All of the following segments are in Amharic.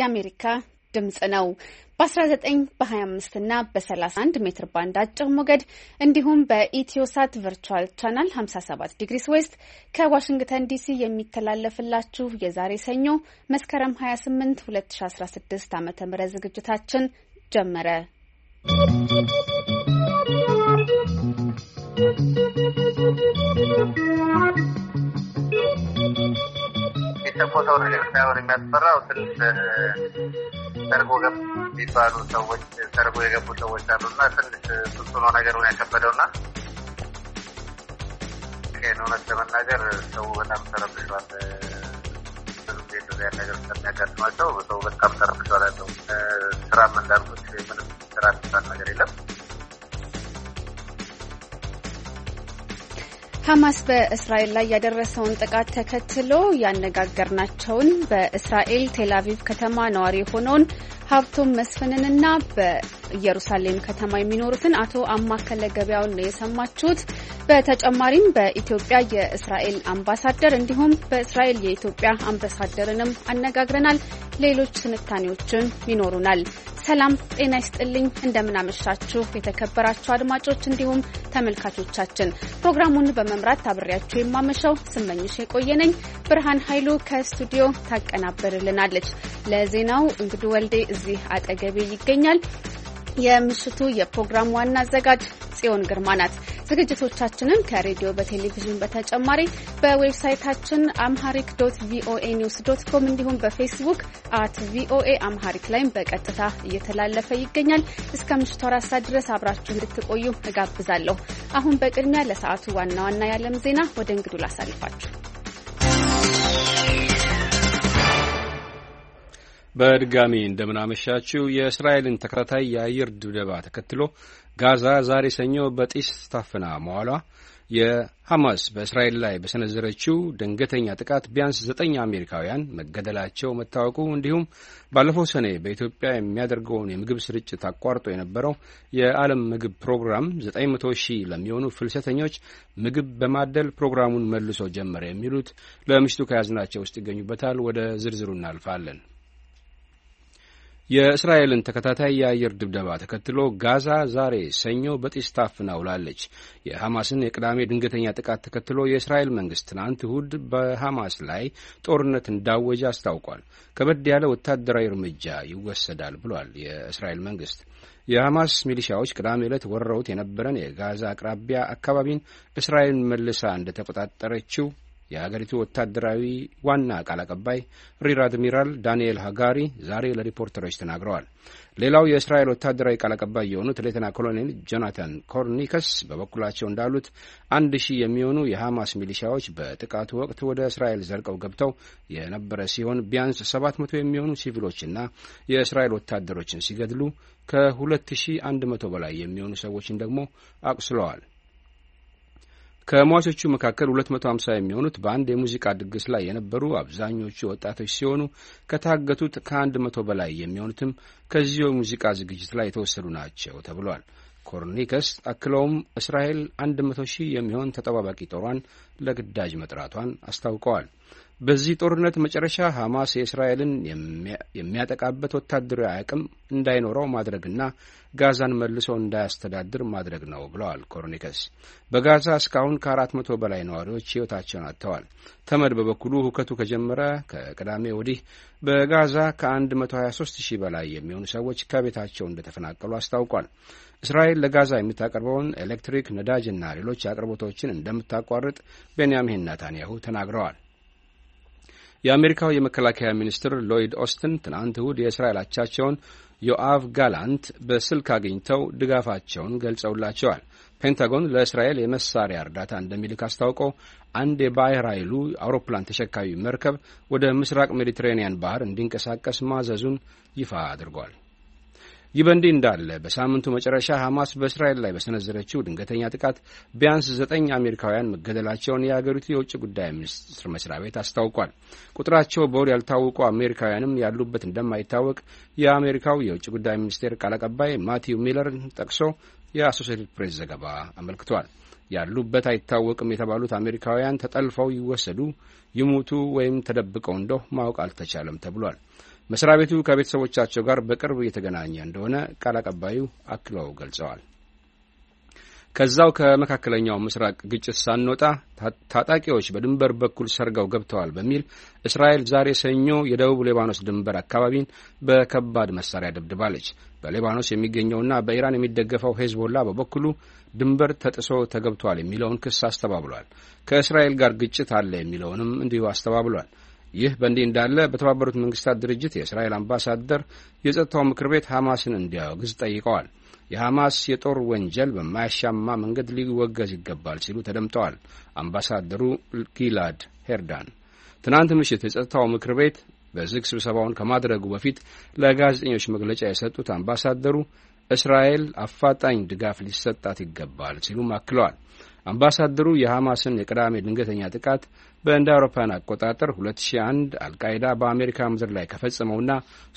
የአሜሪካ ድምጽ ነው። በ19 በ25 እና በ31 ሜትር ባንድ አጭር ሞገድ እንዲሁም በኢትዮሳት ቨርቹዋል ቻናል 57 ዲግሪስ ዌስት ከዋሽንግተን ዲሲ የሚተላለፍላችሁ የዛሬ ሰኞ መስከረም 28 2016 ዓ ም ዝግጅታችን ጀመረ። ¶¶ የተኮሰው ነገር ሳይሆን የሚያስፈራው ትንሽ ሰርጎ ገብ የሚባሉ ሰዎች ሰርጎ የገቡ ሰዎች አሉና ትንሽ ስሱ ነው ነገሩን ያከበደውና እውነት ለመናገር ሰው በጣም ተረብሿል። ብዙ ያለ ነገር ስለሚያጋጥማቸው ሰው በጣም ተረብሿል ያለው ስራም እንዳልኩት ምንም ስራ ነገር የለም። ሐማስ በእስራኤል ላይ ያደረሰውን ጥቃት ተከትሎ ያነጋገርናቸውን በእስራኤል ቴል አቪቭ ከተማ ነዋሪ የሆነውን ሀብቶም መስፍንንና በኢየሩሳሌም ከተማ የሚኖሩትን አቶ አማከለ ገበያውን ነው የሰማችሁት። በተጨማሪም በኢትዮጵያ የእስራኤል አምባሳደር እንዲሁም በእስራኤል የኢትዮጵያ አምባሳደርንም አነጋግረናል። ሌሎች ትንታኔዎችን ይኖሩናል። ሰላም ጤና ይስጥልኝ። እንደምናመሻችሁ የተከበራችሁ አድማጮች እንዲሁም ተመልካቾቻችን፣ ፕሮግራሙን በመምራት አብሬያችሁ የማመሻው ስመኝሽ የቆየነኝ ብርሃን ኃይሉ ከስቱዲዮ ታቀናበርልናለች። ለዜናው እንግዱ ወልዴ እዚህ አጠገቤ ይገኛል። የምሽቱ የፕሮግራም ዋና አዘጋጅ ጽዮን ግርማ ናት። ዝግጅቶቻችንን ከሬዲዮ በቴሌቪዥን በተጨማሪ በዌብሳይታችን አምሃሪክ ዶት ቪኦኤ ኒውስ ዶት ኮም እንዲሁም በፌስቡክ አት ቪኦኤ አምሃሪክ ላይም በቀጥታ እየተላለፈ ይገኛል። እስከ ምሽቱ አራት ሰዓት ድረስ አብራችሁ እንድትቆዩ እጋብዛለሁ። አሁን በቅድሚያ ለሰዓቱ ዋና ዋና የዓለም ዜና ወደ እንግዱ ላሳልፋችሁ። በድጋሚ እንደምናመሻችው የእስራኤልን ተከታታይ የአየር ድብደባ ተከትሎ ጋዛ ዛሬ ሰኞ በጢስ ታፍና መዋሏ የሐማስ በእስራኤል ላይ በሰነዘረችው ድንገተኛ ጥቃት ቢያንስ ዘጠኝ አሜሪካውያን መገደላቸው መታወቁ እንዲሁም ባለፈው ሰኔ በኢትዮጵያ የሚያደርገውን የምግብ ስርጭት አቋርጦ የነበረው የዓለም ምግብ ፕሮግራም መቶ ሺህ ለሚሆኑ ፍልሰተኞች ምግብ በማደል ፕሮግራሙን መልሶ ጀመረ የሚሉት ለምሽቱ ከያዝናቸው ውስጥ ይገኙበታል። ወደ ዝርዝሩ እናልፋለን። የእስራኤልን ተከታታይ የአየር ድብደባ ተከትሎ ጋዛ ዛሬ ሰኞ በጢስ ታፍና ውላለች። የሐማስን የቅዳሜ ድንገተኛ ጥቃት ተከትሎ የእስራኤል መንግስት ትናንት እሁድ በሐማስ ላይ ጦርነት እንዳወጀ አስታውቋል። ከበድ ያለ ወታደራዊ እርምጃ ይወሰዳል ብሏል የእስራኤል መንግስት። የሐማስ ሚሊሻዎች ቅዳሜ ዕለት ወረውት የነበረን የጋዛ አቅራቢያ አካባቢን እስራኤል መልሳ እንደተቆጣጠረችው የአገሪቱ ወታደራዊ ዋና ቃል አቀባይ ሪር አድሚራል ዳንኤል ሃጋሪ ዛሬ ለሪፖርተሮች ተናግረዋል። ሌላው የእስራኤል ወታደራዊ ቃል አቀባይ የሆኑት ሌተና ኮሎኔል ጆናታን ኮርኒከስ በበኩላቸው እንዳሉት አንድ ሺህ የሚሆኑ የሐማስ ሚሊሻዎች በጥቃቱ ወቅት ወደ እስራኤል ዘልቀው ገብተው የነበረ ሲሆን ቢያንስ ሰባት መቶ የሚሆኑ ሲቪሎችና የእስራኤል ወታደሮችን ሲገድሉ ከሁለት ሺህ አንድ መቶ በላይ የሚሆኑ ሰዎችን ደግሞ አቁስለዋል። ከሟቾቹ መካከል 250 የሚሆኑት በአንድ የሙዚቃ ድግስ ላይ የነበሩ አብዛኞቹ ወጣቶች ሲሆኑ ከታገቱት ከ100 በላይ የሚሆኑትም ከዚሁ የሙዚቃ ዝግጅት ላይ የተወሰዱ ናቸው ተብሏል። ኮርኒከስ አክለውም እስራኤል 100 ሺህ የሚሆን ተጠባባቂ ጦሯን ለግዳጅ መጥራቷን አስታውቀዋል። በዚህ ጦርነት መጨረሻ ሐማስ የእስራኤልን የሚያጠቃበት ወታደራዊ አቅም እንዳይኖረው ማድረግና ጋዛን መልሶ እንዳያስተዳድር ማድረግ ነው ብለዋል ኮርኒከስ። በጋዛ እስካሁን ከአራት መቶ በላይ ነዋሪዎች ሕይወታቸውን አጥተዋል። ተመድ በበኩሉ ሁከቱ ከጀመረ ከቅዳሜ ወዲህ በጋዛ ከ123 ሺህ በላይ የሚሆኑ ሰዎች ከቤታቸው እንደተፈናቀሉ አስታውቋል። እስራኤል ለጋዛ የምታቀርበውን ኤሌክትሪክ፣ ነዳጅና ሌሎች አቅርቦቶችን እንደምታቋርጥ ቤንያሚን ናታንያሁ ተናግረዋል። የአሜሪካው የመከላከያ ሚኒስትር ሎይድ ኦስትን ትናንት እሁድ የእስራኤል አቻቸውን ዮአቭ ጋላንት በስልክ አግኝተው ድጋፋቸውን ገልጸውላቸዋል። ፔንታጎን ለእስራኤል የመሳሪያ እርዳታ እንደሚልክ አስታውቆ አንድ የባህር ኃይሉ አውሮፕላን ተሸካሚ መርከብ ወደ ምስራቅ ሜዲትሬንያን ባህር እንዲንቀሳቀስ ማዘዙን ይፋ አድርጓል። ይህ በእንዲህ እንዳለ በሳምንቱ መጨረሻ ሐማስ በእስራኤል ላይ በሰነዘረችው ድንገተኛ ጥቃት ቢያንስ ዘጠኝ አሜሪካውያን መገደላቸውን የአገሪቱ የውጭ ጉዳይ ሚኒስትር መስሪያ ቤት አስታውቋል። ቁጥራቸው በውል ያልታወቁ አሜሪካውያንም ያሉበት እንደማይታወቅ የአሜሪካው የውጭ ጉዳይ ሚኒስቴር ቃል አቀባይ ማቲው ሚለርን ጠቅሶ የአሶሴትድ ፕሬስ ዘገባ አመልክቷል። ያሉበት አይታወቅም የተባሉት አሜሪካውያን ተጠልፈው ይወሰዱ፣ ይሞቱ ወይም ተደብቀው እንደው ማወቅ አልተቻለም ተብሏል። መስሪያ ቤቱ ከቤተሰቦቻቸው ጋር በቅርብ እየተገናኘ እንደሆነ ቃል አቀባዩ አክለው ገልጸዋል። ከዛው ከመካከለኛው ምስራቅ ግጭት ሳንወጣ ታጣቂዎች በድንበር በኩል ሰርገው ገብተዋል በሚል እስራኤል ዛሬ ሰኞ የደቡብ ሌባኖስ ድንበር አካባቢን በከባድ መሳሪያ ደብድባለች። በሌባኖስ የሚገኘውና በኢራን የሚደገፈው ሄዝቦላ በበኩሉ ድንበር ተጥሶ ተገብቷል የሚለውን ክስ አስተባብሏል። ከእስራኤል ጋር ግጭት አለ የሚለውንም እንዲሁ አስተባብሏል። ይህ በእንዲህ እንዳለ በተባበሩት መንግስታት ድርጅት የእስራኤል አምባሳደር የጸጥታው ምክር ቤት ሐማስን እንዲያወግዝ ጠይቀዋል። የሐማስ የጦር ወንጀል በማያሻማ መንገድ ሊወገዝ ይገባል ሲሉ ተደምጠዋል። አምባሳደሩ ጊላድ ሄርዳን ትናንት ምሽት የጸጥታው ምክር ቤት በዝግ ስብሰባውን ከማድረጉ በፊት ለጋዜጠኞች መግለጫ የሰጡት አምባሳደሩ እስራኤል አፋጣኝ ድጋፍ ሊሰጣት ይገባል ሲሉም አክለዋል። አምባሳደሩ የሐማስን የቅዳሜ ድንገተኛ ጥቃት በእንደ አውሮፓውያን አቆጣጠር 2001 አልቃይዳ በአሜሪካ ምድር ላይ ከፈጸመውና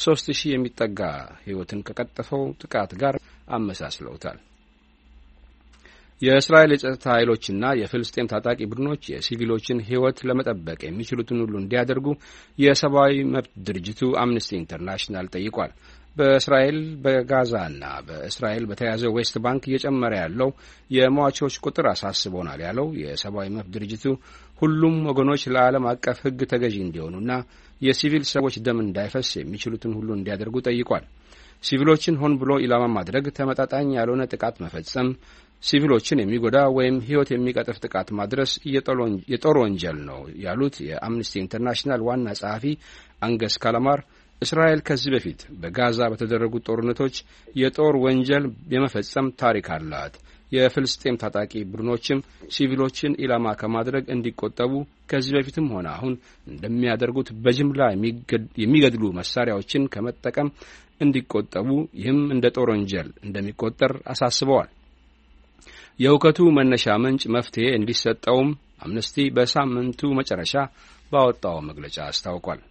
3000 የሚጠጋ ሕይወትን ከቀጠፈው ጥቃት ጋር አመሳስለውታል። የእስራኤል የጸጥታ ኃይሎችና የፍልስጤም ታጣቂ ቡድኖች የሲቪሎችን ሕይወት ለመጠበቅ የሚችሉትን ሁሉ እንዲያደርጉ የሰብአዊ መብት ድርጅቱ አምነስቲ ኢንተርናሽናል ጠይቋል። በእስራኤል በጋዛና በእስራኤል በተያዘው ዌስት ባንክ እየጨመረ ያለው የሟቾች ቁጥር አሳስቦናል ያለው የሰብአዊ መብት ድርጅቱ ሁሉም ወገኖች ለዓለም አቀፍ ሕግ ተገዢ እንዲሆኑና የሲቪል ሰዎች ደም እንዳይፈስ የሚችሉትን ሁሉ እንዲያደርጉ ጠይቋል። ሲቪሎችን ሆን ብሎ ኢላማ ማድረግ፣ ተመጣጣኝ ያልሆነ ጥቃት መፈጸም፣ ሲቪሎችን የሚጎዳ ወይም ሕይወት የሚቀጥፍ ጥቃት ማድረስ የጦር ወንጀል ነው ያሉት የአምነስቲ ኢንተርናሽናል ዋና ጸሐፊ አንገስ ካላማር እስራኤል ከዚህ በፊት በጋዛ በተደረጉ ጦርነቶች የጦር ወንጀል የመፈጸም ታሪክ አላት። የፍልስጤም ታጣቂ ቡድኖችም ሲቪሎችን ኢላማ ከማድረግ እንዲቆጠቡ ከዚህ በፊትም ሆነ አሁን እንደሚያደርጉት በጅምላ የሚገድሉ መሳሪያዎችን ከመጠቀም እንዲቆጠቡ፣ ይህም እንደ ጦር ወንጀል እንደሚቆጠር አሳስበዋል። የእውከቱ መነሻ ምንጭ መፍትሄ እንዲሰጠውም አምነስቲ በሳምንቱ መጨረሻ ባወጣው መግለጫ አስታውቋል።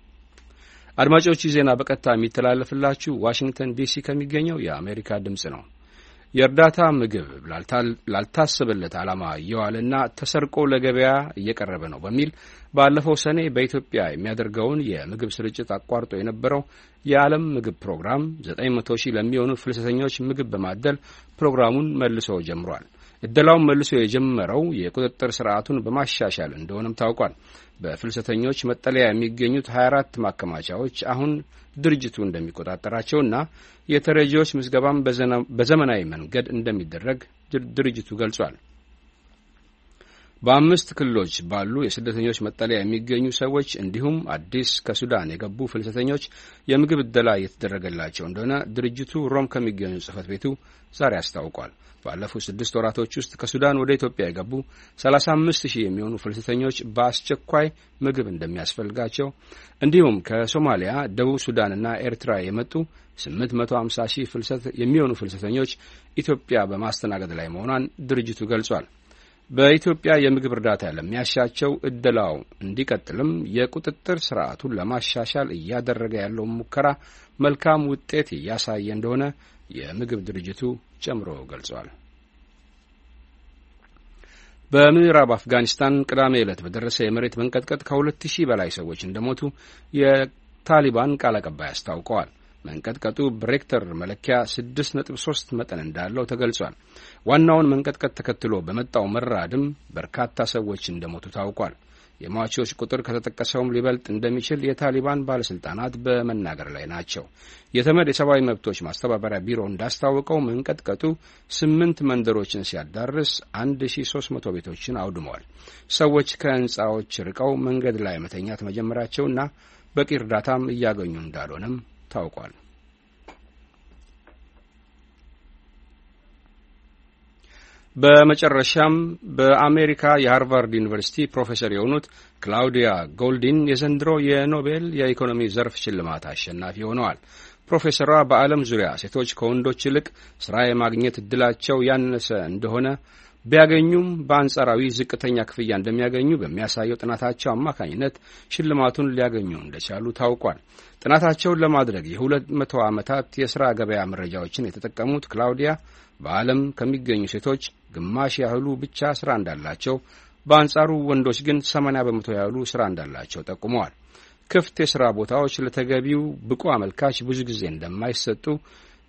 አድማጮች ዜና በቀጥታ የሚተላለፍላችሁ ዋሽንግተን ዲሲ ከሚገኘው የአሜሪካ ድምፅ ነው። የእርዳታ ምግብ ላልታሰበለት ዓላማ እየዋለና ተሰርቆ ለገበያ እየቀረበ ነው በሚል ባለፈው ሰኔ በኢትዮጵያ የሚያደርገውን የምግብ ስርጭት አቋርጦ የነበረው የዓለም ምግብ ፕሮግራም 900 ሺህ ለሚሆኑ ፍልሰተኞች ምግብ በማደል ፕሮግራሙን መልሶ ጀምሯል። እደላውን መልሶ የጀመረው የቁጥጥር ስርዓቱን በማሻሻል እንደሆነም ታውቋል። በፍልሰተኞች መጠለያ የሚገኙት 24 ማከማቻዎች አሁን ድርጅቱ እንደሚቆጣጠራቸውና የተረጂዎች ምዝገባም በዘመናዊ መንገድ እንደሚደረግ ድርጅቱ ገልጿል። በአምስት ክልሎች ባሉ የስደተኞች መጠለያ የሚገኙ ሰዎች እንዲሁም አዲስ ከሱዳን የገቡ ፍልሰተኞች የምግብ እደላ እየተደረገላቸው እንደሆነ ድርጅቱ ሮም ከሚገኙ ጽህፈት ቤቱ ዛሬ አስታውቋል። ባለፉት ስድስት ወራቶች ውስጥ ከሱዳን ወደ ኢትዮጵያ የገቡ 35 ሺህ የሚሆኑ ፍልሰተኞች በአስቸኳይ ምግብ እንደሚያስፈልጋቸው እንዲሁም ከሶማሊያ፣ ደቡብ ሱዳንና ኤርትራ የመጡ 850 ሺህ የሚሆኑ ፍልሰተኞች ኢትዮጵያ በማስተናገድ ላይ መሆኗን ድርጅቱ ገልጿል። በኢትዮጵያ የምግብ እርዳታ ለሚያሻቸው እደላው እንዲቀጥልም የቁጥጥር ስርዓቱን ለማሻሻል እያደረገ ያለውን ሙከራ መልካም ውጤት እያሳየ እንደሆነ የምግብ ድርጅቱ ጨምሮ ገልጿል። በምዕራብ አፍጋኒስታን ቅዳሜ ዕለት በደረሰ የመሬት መንቀጥቀጥ ከሁለት ሺህ በላይ ሰዎች እንደሞቱ የታሊባን ቃል አቀባይ አስታውቀዋል። መንቀጥቀጡ በሬክተር መለኪያ 6.3 መጠን እንዳለው ተገልጿል። ዋናውን መንቀጥቀጥ ተከትሎ በመጣው መራድም በርካታ ሰዎች እንደሞቱ ታውቋል። የሟቾች ቁጥር ከተጠቀሰውም ሊበልጥ እንደሚችል የታሊባን ባለሥልጣናት በመናገር ላይ ናቸው። የተመድ የሰብአዊ መብቶች ማስተባበሪያ ቢሮ እንዳስታወቀው መንቀጥቀጡ ስምንት መንደሮችን ሲያዳርስ 1300 ቤቶችን አውድመዋል። ሰዎች ከህንፃዎች ርቀው መንገድ ላይ መተኛት መጀመራቸውና በቂ እርዳታም እያገኙ እንዳልሆነም ታውቋል። በመጨረሻም በአሜሪካ የሃርቫርድ ዩኒቨርሲቲ ፕሮፌሰር የሆኑት ክላውዲያ ጎልዲን የዘንድሮ የኖቤል የኢኮኖሚ ዘርፍ ሽልማት አሸናፊ ሆነዋል። ፕሮፌሰሯ በዓለም ዙሪያ ሴቶች ከወንዶች ይልቅ ሥራ የማግኘት ዕድላቸው ያነሰ እንደሆነ ቢያገኙም በአንጻራዊ ዝቅተኛ ክፍያ እንደሚያገኙ በሚያሳየው ጥናታቸው አማካኝነት ሽልማቱን ሊያገኙ እንደቻሉ ታውቋል። ጥናታቸውን ለማድረግ የሁለት መቶ ዓመታት የሥራ ገበያ መረጃዎችን የተጠቀሙት ክላውዲያ በዓለም ከሚገኙ ሴቶች ግማሽ ያህሉ ብቻ ሥራ እንዳላቸው፣ በአንጻሩ ወንዶች ግን 80 በመቶ ያህሉ ሥራ እንዳላቸው ጠቁመዋል። ክፍት የሥራ ቦታዎች ለተገቢው ብቁ አመልካች ብዙ ጊዜ እንደማይሰጡ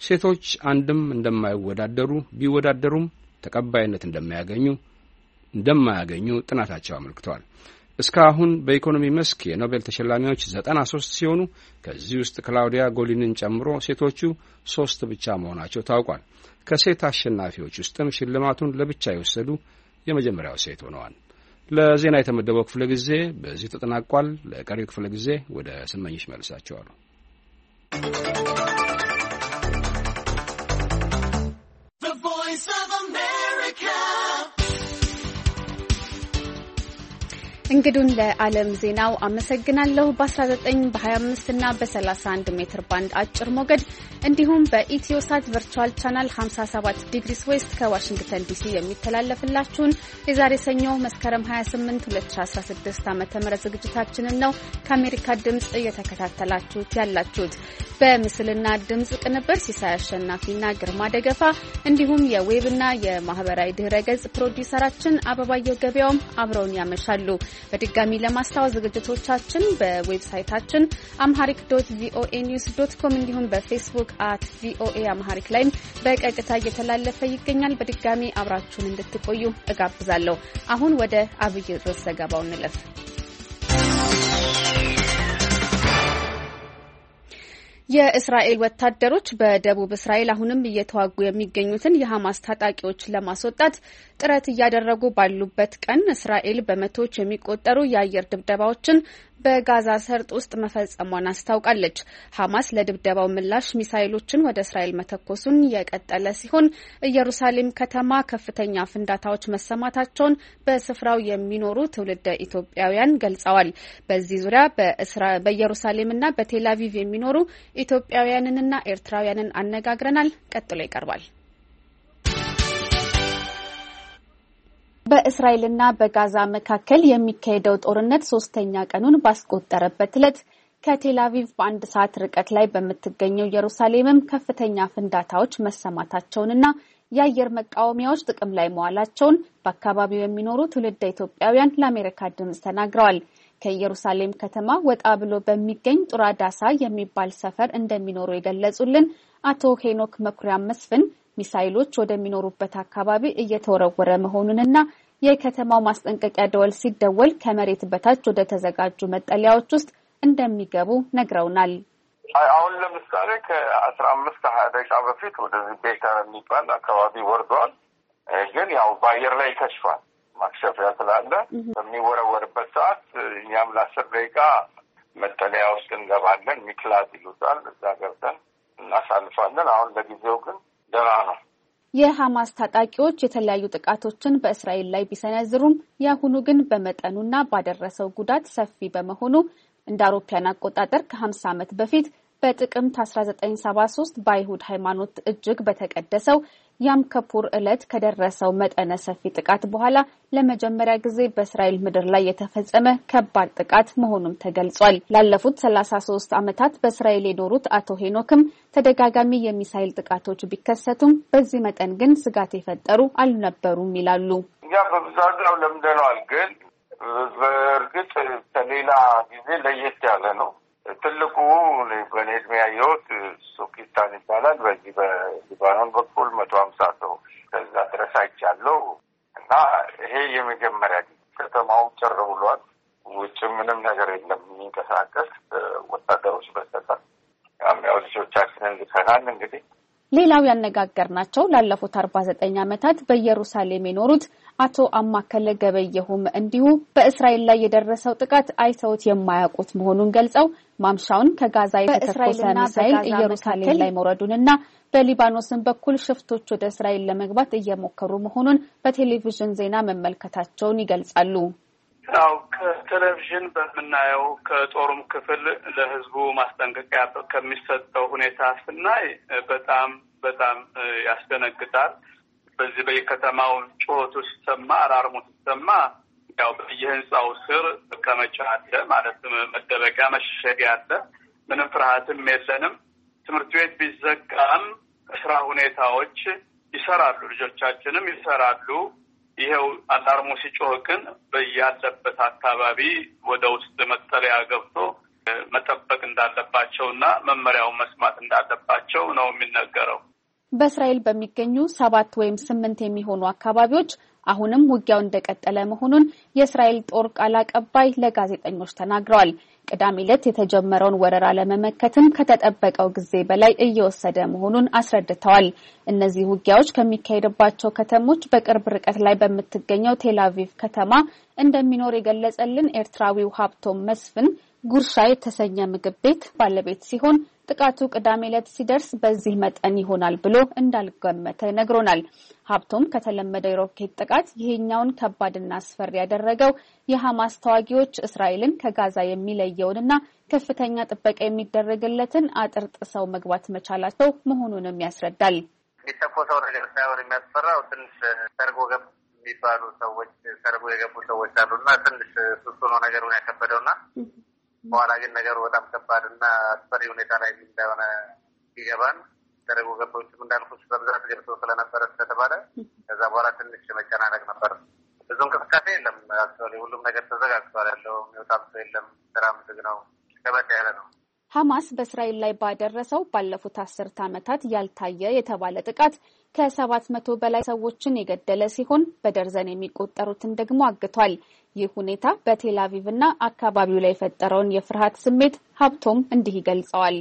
ሴቶች አንድም እንደማይወዳደሩ ቢወዳደሩም ተቀባይነት እንደማያገኙ እንደማያገኙ ጥናታቸው አመልክተዋል። እስካሁን በኢኮኖሚ መስክ የኖቤል ተሸላሚዎች ዘጠና ሶስት ሲሆኑ ከዚህ ውስጥ ክላውዲያ ጎሊንን ጨምሮ ሴቶቹ ሶስት ብቻ መሆናቸው ታውቋል። ከሴት አሸናፊዎች ውስጥም ሽልማቱን ለብቻ የወሰዱ የመጀመሪያው ሴት ሆነዋል። ለዜና የተመደበው ክፍለ ጊዜ በዚህ ተጠናቋል። ለቀሪው ክፍለ ጊዜ ወደ ስመኝሽ መልሳቸዋሉ። እንግዱን ለዓለም ዜናው አመሰግናለሁ። በ19 በ25 እና በ31 ሜትር ባንድ አጭር ሞገድ እንዲሁም በኢትዮሳት ቨርቹዋል ቻናል 57 ዲግሪስ ዌስት ከዋሽንግተን ዲሲ የሚተላለፍላችሁን የዛሬ ሰኞ መስከረም 28 2016 ዓ ም ዝግጅታችንን ነው ከአሜሪካ ድምፅ እየተከታተላችሁት ያላችሁት። በምስልና ድምፅ ቅንብር ሲሳይ አሸናፊና ግርማ ደገፋ እንዲሁም የዌብና የማህበራዊ ድህረ ገጽ ፕሮዲውሰራችን አበባየው ገበያውም አብረውን ያመሻሉ። በድጋሚ ለማስታወስ ዝግጅቶቻችን በዌብሳይታችን አምሃሪክ ዶት ቪኦኤ ኒውስ ዶት ኮም እንዲሁም በፌስቡክ አት ቪኦኤ አምሃሪክ ላይም በቀጥታ እየተላለፈ ይገኛል። በድጋሚ አብራችሁን እንድትቆዩ እጋብዛለሁ። አሁን ወደ አብይ ርዕስ ዘገባው እንለፍ። የእስራኤል ወታደሮች በደቡብ እስራኤል አሁንም እየተዋጉ የሚገኙትን የሐማስ ታጣቂዎች ለማስወጣት ጥረት እያደረጉ ባሉበት ቀን እስራኤል በመቶዎች የሚቆጠሩ የአየር ድብደባዎችን በጋዛ ሰርጥ ውስጥ መፈጸሟን አስታውቃለች። ሐማስ ለድብደባው ምላሽ ሚሳይሎችን ወደ እስራኤል መተኮሱን የቀጠለ ሲሆን ኢየሩሳሌም ከተማ ከፍተኛ ፍንዳታዎች መሰማታቸውን በስፍራው የሚኖሩ ትውልደ ኢትዮጵያውያን ገልጸዋል። በዚህ ዙሪያ በኢየሩሳሌምና በቴል አቪቭ የሚኖሩ ኢትዮጵያውያንንና ኤርትራውያንን አነጋግረናል። ቀጥሎ ይቀርባል። በእስራኤልና በጋዛ መካከል የሚካሄደው ጦርነት ሶስተኛ ቀኑን ባስቆጠረበት ዕለት ከቴል አቪቭ በአንድ ሰዓት ርቀት ላይ በምትገኘው ኢየሩሳሌምም ከፍተኛ ፍንዳታዎች መሰማታቸውንና የአየር መቃወሚያዎች ጥቅም ላይ መዋላቸውን በአካባቢው የሚኖሩ ትውልደ ኢትዮጵያውያን ለአሜሪካ ድምፅ ተናግረዋል። ከኢየሩሳሌም ከተማ ወጣ ብሎ በሚገኝ ጡራ ዳሳ የሚባል ሰፈር እንደሚኖሩ የገለጹልን አቶ ሄኖክ መኩሪያ መስፍን ሚሳይሎች ወደሚኖሩበት አካባቢ እየተወረወረ መሆኑንና የከተማው ማስጠንቀቂያ ደወል ሲደወል ከመሬት በታች ወደ ተዘጋጁ መጠለያዎች ውስጥ እንደሚገቡ ነግረውናል። አሁን ለምሳሌ ከአስራ አምስት ሀያ ደቂቃ በፊት ወደዚህ ቤተር የሚባል አካባቢ ወርዷል። ግን ያው በአየር ላይ ይከሽፋል ማክሸፊያ ስላለ በሚወረወርበት ሰዓት እኛም ለአስር ደቂቃ መጠለያ ውስጥ እንገባለን። ሚክላት ይሉታል። እዛ ገብተን እናሳልፋለን። አሁን ለጊዜው ግን ደህና ነው። የሐማስ ታጣቂዎች የተለያዩ ጥቃቶችን በእስራኤል ላይ ቢሰነዝሩም የአሁኑ ግን በመጠኑና ባደረሰው ጉዳት ሰፊ በመሆኑ እንደ አውሮፓያን አቆጣጠር ከ50 ዓመት በፊት በጥቅምት 1973 በአይሁድ ሃይማኖት እጅግ በተቀደሰው ያም ከፑር ዕለት ከደረሰው መጠነ ሰፊ ጥቃት በኋላ ለመጀመሪያ ጊዜ በእስራኤል ምድር ላይ የተፈጸመ ከባድ ጥቃት መሆኑም ተገልጿል። ላለፉት 33 ዓመታት በእስራኤል የኖሩት አቶ ሄኖክም ተደጋጋሚ የሚሳይል ጥቃቶች ቢከሰቱም በዚህ መጠን ግን ስጋት የፈጠሩ አልነበሩም ይላሉ። እኛ በብዛት ለምደነዋል፣ ግን በእርግጥ ከሌላ ጊዜ ለየት ያለ ነው። ትልቁ በእኔ እድሜ ያየሁት ሶኪስታን ይባላል። በዚህ በሊባኖን በኩል መቶ ሀምሳ ሰው ከዛ ድረስ አይቻለሁ እና ይሄ የመጀመሪያ ከተማው ጭር ብሏል። ውጭ ምንም ነገር የለም የሚንቀሳቀስ ወታደሮች በስተቀር ያው ልጆቻችንን ልከናል እንግዲህ ሌላው ያነጋገርናቸው ላለፉት አርባ ዘጠኝ ዓመታት በኢየሩሳሌም የኖሩት አቶ አማከለ ገበየሁም እንዲሁ በእስራኤል ላይ የደረሰው ጥቃት አይተውት የማያውቁት መሆኑን ገልጸው ማምሻውን ከጋዛ የተተኮሰ ሚሳይል ኢየሩሳሌም ላይ መውረዱንና በሊባኖስን በኩል ሽፍቶች ወደ እስራኤል ለመግባት እየሞከሩ መሆኑን በቴሌቪዥን ዜና መመልከታቸውን ይገልጻሉ። ያው ከቴሌቪዥን በምናየው ከጦሩም ክፍል ለህዝቡ ማስጠንቀቂያ ከሚሰጠው ሁኔታ ስናይ በጣም በጣም ያስደነግጣል። በዚህ በየከተማው ጩኸቱ ሲሰማ፣ አራርሙ ሲሰማ ያው በየህንፃው ስር መቀመጫ አለ፣ ማለትም መደበቂያ መሸሸጊያ አለ። ምንም ፍርሃትም የለንም። ትምህርት ቤት ቢዘጋም ስራ ሁኔታዎች ይሰራሉ፣ ልጆቻችንም ይሰራሉ። ይሄው አላርሙ ሲጮህ ግን በያለበት አካባቢ ወደ ውስጥ መጠለያ ገብቶ መጠበቅ እንዳለባቸው እና መመሪያውን መስማት እንዳለባቸው ነው የሚነገረው። በእስራኤል በሚገኙ ሰባት ወይም ስምንት የሚሆኑ አካባቢዎች አሁንም ውጊያው እንደቀጠለ መሆኑን የእስራኤል ጦር ቃል አቀባይ ለጋዜጠኞች ተናግረዋል። ቅዳሜ ዕለት የተጀመረውን ወረራ ለመመከትም ከተጠበቀው ጊዜ በላይ እየወሰደ መሆኑን አስረድተዋል። እነዚህ ውጊያዎች ከሚካሄድባቸው ከተሞች በቅርብ ርቀት ላይ በምትገኘው ቴላቪቭ ከተማ እንደሚኖር የገለጸልን ኤርትራዊው ሀብቶም መስፍን ጉርሻ የተሰኘ ምግብ ቤት ባለቤት ሲሆን ጥቃቱ ቅዳሜ ዕለት ሲደርስ በዚህ መጠን ይሆናል ብሎ እንዳልገመተ ነግሮናል። ሀብቶም ከተለመደው የሮኬት ጥቃት ይሄኛውን ከባድና አስፈሪ ያደረገው የሐማስ ተዋጊዎች እስራኤልን ከጋዛ የሚለየውንና ከፍተኛ ጥበቃ የሚደረግለትን አጥር ጥሰው መግባት መቻላቸው መሆኑንም ያስረዳል። የሚተኮሰው ነገር ሳይሆን የሚያስፈራው ትንሽ ሰርጎ ገብ የሚባሉ ሰዎች ሰርጎ የገቡ ሰዎች አሉና ትንሽ ሱሱ ነው ነገሩን ያከበደውና በኋላ ግን ነገሩ በጣም ከባድ እና አስፈሪ ሁኔታ ላይ እንደሆነ ሲገባን ደረጉ ገብቶችም እንዳልኩት በብዛት ገብቶ ስለነበረ ስለተባለ ከዛ በኋላ ትንሽ መጨናነቅ ነበር። ብዙ እንቅስቃሴ የለም። አክቹዋሊ ሁሉም ነገር ተዘጋግቷል። ያለው የሚወጣም ሰው የለም። ስራ ምዝግ ነው። ከበድ ያለ ነው። ሐማስ በእስራኤል ላይ ባደረሰው ባለፉት አስርት ዓመታት ያልታየ የተባለ ጥቃት ከሰባት መቶ በላይ ሰዎችን የገደለ ሲሆን በደርዘን የሚቆጠሩትን ደግሞ አግቷል። ይህ ሁኔታ በቴል አቪቭ እና አካባቢው ላይ የፈጠረውን የፍርሃት ስሜት ሀብቶም እንዲህ ይገልጸዋል።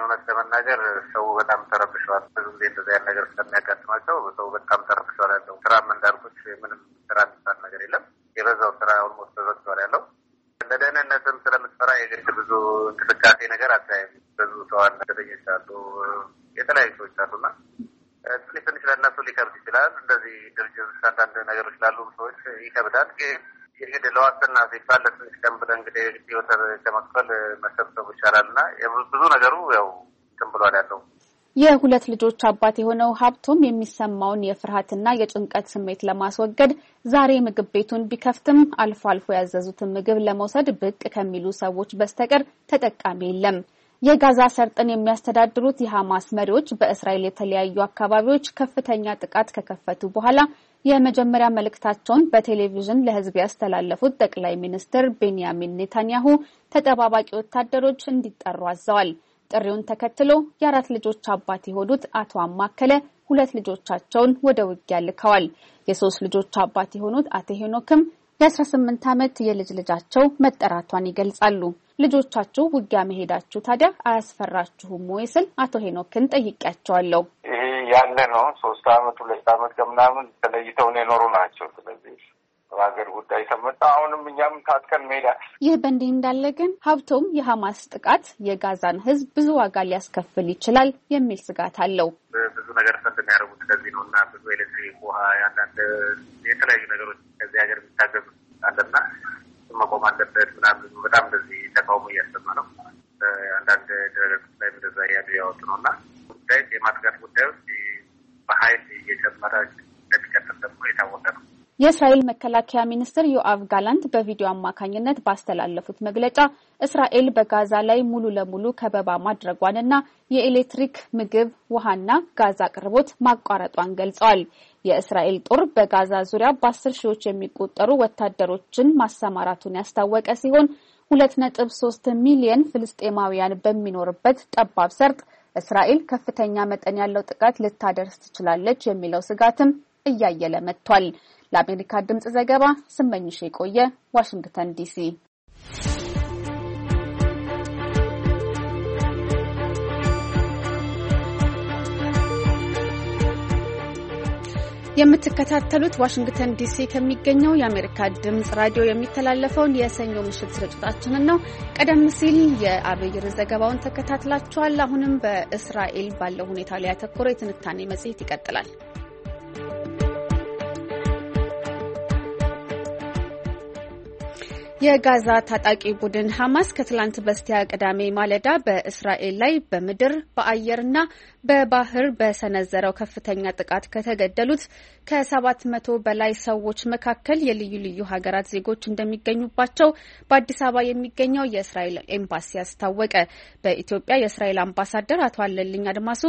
እውነት ለመናገር ሰው በጣም ተረብሸዋል። ብዙ ጊዜ እንደዚህ አይነት ነገር ስለሚያጋጥማቸው ሰው በጣም ተረብሸዋል ያለው ስራም እንዳልኩት ምንም ስራ የሚባል ነገር የለም። የበዛው ስራ ኦልሞስት ተዘግቷል ያለው ለደህንነትም ስለምትፈራ የግድ ብዙ እንቅስቃሴ ነገር አታይም። ብዙ ሰው አለ፣ ስደኞች አሉ፣ የተለያዩ ሰዎች አሉና ትንሽ ትንሽ ለእነሱ ሊከብድ ይችላል። እንደዚህ ድርጅት አንዳንድ ነገሮች ላሉ ሰዎች ይከብዳል ግን እንግዲህ ለዋስትና ሲባል ለትንሽ ቀን እንግዲህ ህይወተር ለመክፈል መሰብሰቡ ይቻላል ና ብዙ ነገሩ ያው እንትን ብሏል ያለው የሁለት ልጆች አባት የሆነው ሀብቶም የሚሰማውን የፍርሃትና የጭንቀት ስሜት ለማስወገድ ዛሬ ምግብ ቤቱን ቢከፍትም አልፎ አልፎ ያዘዙትን ምግብ ለመውሰድ ብቅ ከሚሉ ሰዎች በስተቀር ተጠቃሚ የለም። የጋዛ ሰርጥን የሚያስተዳድሩት የሐማስ መሪዎች በእስራኤል የተለያዩ አካባቢዎች ከፍተኛ ጥቃት ከከፈቱ በኋላ የመጀመሪያ መልእክታቸውን በቴሌቪዥን ለሕዝብ ያስተላለፉት ጠቅላይ ሚኒስትር ቤንያሚን ኔታንያሁ ተጠባባቂ ወታደሮች እንዲጠሩ አዘዋል። ጥሪውን ተከትሎ የአራት ልጆች አባት የሆኑት አቶ አማከለ ሁለት ልጆቻቸውን ወደ ውጊያ ልከዋል። የሶስት ልጆች አባት የሆኑት አቶ ሄኖክም የ18 ዓመት የልጅ ልጃቸው መጠራቷን ይገልጻሉ። ልጆቻችሁ ውጊያ መሄዳችሁ ታዲያ አያስፈራችሁም ወይ ስል አቶ ሄኖክን ጠይቄያቸዋለሁ። ያለ ነው። ሶስት አመት ሁለት አመት ከምናምን ተለይተውን የኖሩ ናቸው። ስለዚህ በሀገር ጉዳይ ተመጣ አሁንም እኛም ታጥቀን መሄዳ። ይህ በእንዲህ እንዳለ ግን ሀብቶም የሀማስ ጥቃት የጋዛን ህዝብ ብዙ ዋጋ ሊያስከፍል ይችላል የሚል ስጋት አለው። ብዙ ነገር ሰት የሚያደርጉት እንደዚህ ነው እና ብዙ ኤሌክትሪክ፣ ውሃ፣ አንዳንድ የተለያዩ ነገሮች ከዚህ ሀገር የሚታገዙ አለና መቆም አለበት ምናምን በጣም እንደዚህ ተቃውሞ እያሰማ ነው። አንዳንድ ድረገጾች ላይ እንደዛ እያሉ ያወጡ ነው እና ጉዳዮች የማጥቃት ጉዳዮች በሀይል እየጨመረ እንደሚቀጥል ደግሞ የታወቀ ነው። የእስራኤል መከላከያ ሚኒስትር ዮአቭ ጋላንት በቪዲዮ አማካኝነት ባስተላለፉት መግለጫ እስራኤል በጋዛ ላይ ሙሉ ለሙሉ ከበባ ማድረጓንና የኤሌክትሪክ ምግብ፣ ውሃና ጋዝ አቅርቦት ማቋረጧን ገልጸዋል። የእስራኤል ጦር በጋዛ ዙሪያ በአስር ሺዎች የሚቆጠሩ ወታደሮችን ማሰማራቱን ያስታወቀ ሲሆን ሁለት ነጥብ ሶስት ሚሊየን ፍልስጤማውያን በሚኖርበት ጠባብ ሰርጥ እስራኤል ከፍተኛ መጠን ያለው ጥቃት ልታደርስ ትችላለች የሚለው ስጋትም እያየለ መጥቷል። ለአሜሪካ ድምጽ ዘገባ ስመኝሽ የቆየ ዋሽንግተን ዲሲ። የምትከታተሉት ዋሽንግተን ዲሲ ከሚገኘው የአሜሪካ ድምፅ ራዲዮ የሚተላለፈውን የሰኞ ምሽት ስርጭታችንን ነው። ቀደም ሲል የአብይር ዘገባውን ተከታትላችኋል። አሁንም በእስራኤል ባለው ሁኔታ ላይ ያተኮረ የትንታኔ መጽሔት ይቀጥላል። የጋዛ ታጣቂ ቡድን ሐማስ ከትላንት በስቲያ ቅዳሜ ማለዳ በእስራኤል ላይ በምድር በአየርና በባህር በሰነዘረው ከፍተኛ ጥቃት ከተገደሉት ከሰባት መቶ በላይ ሰዎች መካከል የልዩ ልዩ ሀገራት ዜጎች እንደሚገኙባቸው በአዲስ አበባ የሚገኘው የእስራኤል ኤምባሲ አስታወቀ። በኢትዮጵያ የእስራኤል አምባሳደር አቶ አለልኝ አድማሱ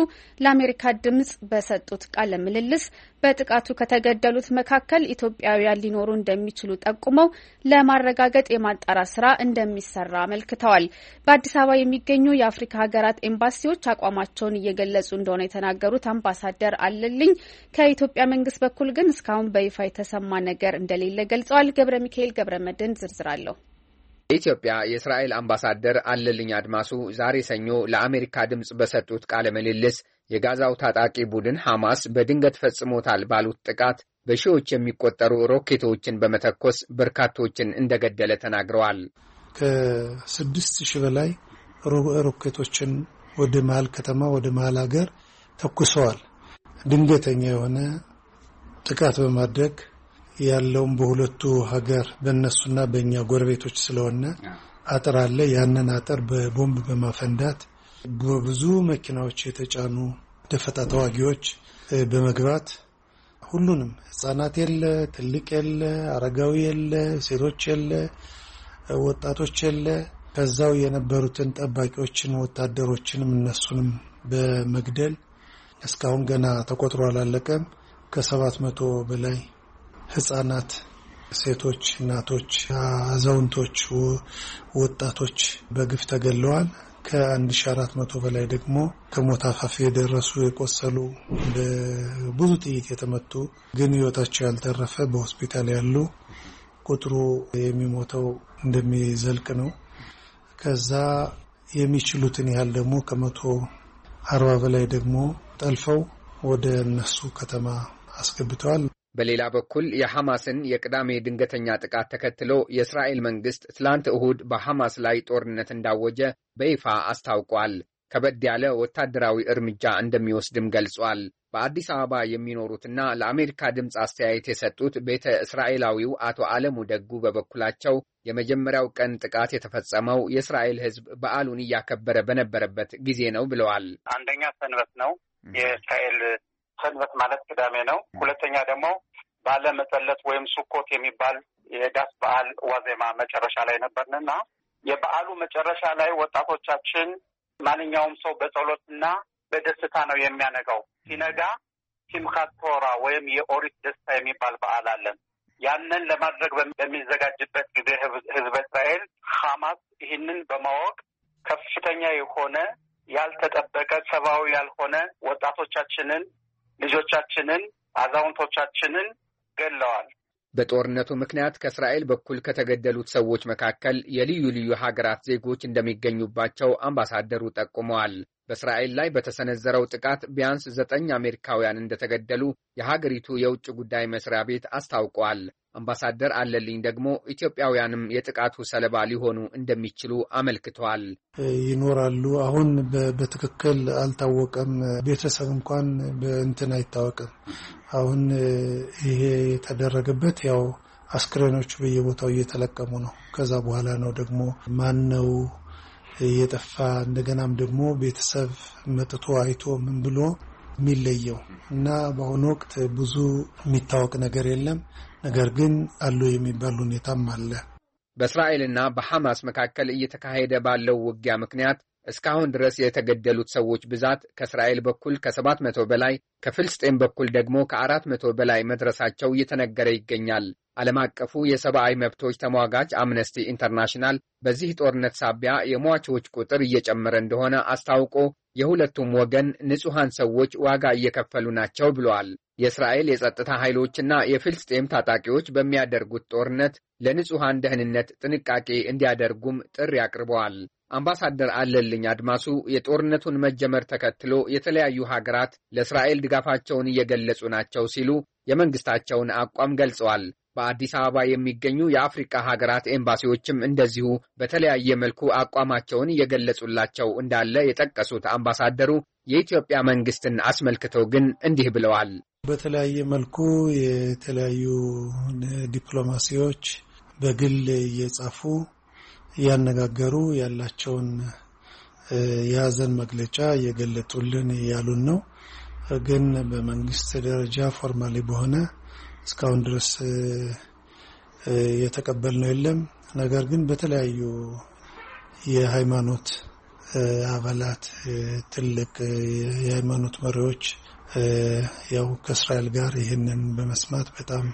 ለአሜሪካ ድምጽ በሰጡት ቃለ ምልልስ በጥቃቱ ከተገደሉት መካከል ኢትዮጵያውያን ሊኖሩ እንደሚችሉ ጠቁመው ለማረጋገጥ የማጣራት ስራ እንደሚሰራ አመልክተዋል። በአዲስ አበባ የሚገኙ የአፍሪካ ሀገራት ኤምባሲዎች አቋማቸውን እየገለጹ እንደሆነ የተናገሩት አምባሳደር አለልኝ ከኢትዮጵያ መንግስት በኩል ግን እስካሁን በይፋ የተሰማ ነገር እንደሌለ ገልጸዋል። ገብረ ሚካኤል ገብረ መድን ዝርዝር አለው። የኢትዮጵያ የእስራኤል አምባሳደር አለልኝ አድማሱ ዛሬ ሰኞ ለአሜሪካ ድምፅ በሰጡት ቃለ ምልልስ የጋዛው ታጣቂ ቡድን ሐማስ በድንገት ፈጽሞታል ባሉት ጥቃት በሺዎች የሚቆጠሩ ሮኬቶችን በመተኮስ በርካቶችን እንደገደለ ተናግረዋል። ከስድስት ሺህ በላይ ሮኬቶችን ወደ መሀል ከተማ ወደ መሀል ሀገር ተኩሰዋል። ድንገተኛ የሆነ ጥቃት በማድረግ ያለውም በሁለቱ ሀገር በእነሱና በእኛ ጎረቤቶች ስለሆነ አጥር አለ። ያንን አጥር በቦምብ በማፈንዳት በብዙ መኪናዎች የተጫኑ ደፈጣ ተዋጊዎች በመግባት ሁሉንም ሕፃናት የለ፣ ትልቅ የለ፣ አረጋዊ የለ፣ ሴቶች የለ፣ ወጣቶች የለ፣ ከዛው የነበሩትን ጠባቂዎችን፣ ወታደሮችንም እነሱንም በመግደል እስካሁን ገና ተቆጥሮ አላለቀም። ከሰባት መቶ በላይ ህጻናት፣ ሴቶች፣ እናቶች፣ አዛውንቶች፣ ወጣቶች በግፍ ተገለዋል። ከ1400 በላይ ደግሞ ከሞት አፋፍ የደረሱ የቆሰሉ፣ በብዙ ጥይት የተመቱ ግን ህይወታቸው ያልተረፈ በሆስፒታል ያሉ ቁጥሩ የሚሞተው እንደሚዘልቅ ነው። ከዛ የሚችሉትን ያህል ደግሞ ከመቶ አርባ በላይ ደግሞ ጠልፈው ወደ እነሱ ከተማ አስገብተዋል። በሌላ በኩል የሐማስን የቅዳሜ ድንገተኛ ጥቃት ተከትሎ የእስራኤል መንግስት ትላንት እሁድ በሐማስ ላይ ጦርነት እንዳወጀ በይፋ አስታውቋል። ከበድ ያለ ወታደራዊ እርምጃ እንደሚወስድም ገልጿል። በአዲስ አበባ የሚኖሩትና ለአሜሪካ ድምፅ አስተያየት የሰጡት ቤተ እስራኤላዊው አቶ አለሙ ደጉ በበኩላቸው የመጀመሪያው ቀን ጥቃት የተፈጸመው የእስራኤል ሕዝብ በዓሉን እያከበረ በነበረበት ጊዜ ነው ብለዋል። አንደኛ ሰንበት ነው። የእስራኤል ሰንበት ማለት ቅዳሜ ነው። ሁለተኛ ደግሞ ባለ መጸለት ወይም ሱኮት የሚባል የዳስ በዓል ዋዜማ መጨረሻ ላይ ነበርንና የበዓሉ መጨረሻ ላይ ወጣቶቻችን ማንኛውም ሰው በጸሎትና በደስታ ነው የሚያነጋው። ሲነጋ ሲምካት ቶራ ወይም የኦሪት ደስታ የሚባል በዓል አለን። ያንን ለማድረግ በሚዘጋጅበት ጊዜ ህዝበ እስራኤል ሀማስ ይህንን በማወቅ ከፍተኛ የሆነ ያልተጠበቀ ሰብአዊ ያልሆነ ወጣቶቻችንን ልጆቻችንን፣ አዛውንቶቻችንን ገለዋል። በጦርነቱ ምክንያት ከእስራኤል በኩል ከተገደሉት ሰዎች መካከል የልዩ ልዩ ሀገራት ዜጎች እንደሚገኙባቸው አምባሳደሩ ጠቁመዋል። በእስራኤል ላይ በተሰነዘረው ጥቃት ቢያንስ ዘጠኝ አሜሪካውያን እንደተገደሉ የሀገሪቱ የውጭ ጉዳይ መስሪያ ቤት አስታውቋል። አምባሳደር አለልኝ ደግሞ ኢትዮጵያውያንም የጥቃቱ ሰለባ ሊሆኑ እንደሚችሉ አመልክተዋል። ይኖራሉ። አሁን በትክክል አልታወቀም። ቤተሰብ እንኳን በእንትን አይታወቅም። አሁን ይሄ የተደረገበት ያው አስክሬኖቹ በየቦታው እየተለቀሙ ነው። ከዛ በኋላ ነው ደግሞ ማን ነው የጠፋ እንደገናም ደግሞ ቤተሰብ መጥቶ አይቶ ምን ብሎ የሚለየው እና በአሁኑ ወቅት ብዙ የሚታወቅ ነገር የለም። ነገር ግን አሉ የሚባል ሁኔታም አለ። በእስራኤልና በሐማስ መካከል እየተካሄደ ባለው ውጊያ ምክንያት እስካሁን ድረስ የተገደሉት ሰዎች ብዛት ከእስራኤል በኩል ከ700 በላይ ከፍልስጤን በኩል ደግሞ ከ400 በላይ መድረሳቸው እየተነገረ ይገኛል። ዓለም አቀፉ የሰብአዊ መብቶች ተሟጋች አምነስቲ ኢንተርናሽናል በዚህ ጦርነት ሳቢያ የሟቾች ቁጥር እየጨመረ እንደሆነ አስታውቆ የሁለቱም ወገን ንጹሐን ሰዎች ዋጋ እየከፈሉ ናቸው ብለዋል። የእስራኤል የጸጥታ ኃይሎችና የፍልስጤም ታጣቂዎች በሚያደርጉት ጦርነት ለንጹሐን ደህንነት ጥንቃቄ እንዲያደርጉም ጥሪ አቅርበዋል። አምባሳደር አለልኝ አድማሱ የጦርነቱን መጀመር ተከትሎ የተለያዩ ሀገራት ለእስራኤል ድጋፋቸውን እየገለጹ ናቸው ሲሉ የመንግስታቸውን አቋም ገልጸዋል። በአዲስ አበባ የሚገኙ የአፍሪካ ሀገራት ኤምባሲዎችም እንደዚሁ በተለያየ መልኩ አቋማቸውን እየገለጹላቸው እንዳለ የጠቀሱት አምባሳደሩ የኢትዮጵያ መንግስትን አስመልክተው ግን እንዲህ ብለዋል። በተለያየ መልኩ የተለያዩ ዲፕሎማሲዎች በግል እየጻፉ እያነጋገሩ ያላቸውን የሀዘን መግለጫ እየገለጡልን ያሉን ነው። ግን በመንግስት ደረጃ ፎርማሊ በሆነ እስካሁን ድረስ የተቀበልነው የለም። ነገር ግን በተለያዩ የሃይማኖት አባላት ትልቅ የሃይማኖት መሪዎች ያው ከእስራኤል ጋር ይህንን በመስማት በጣም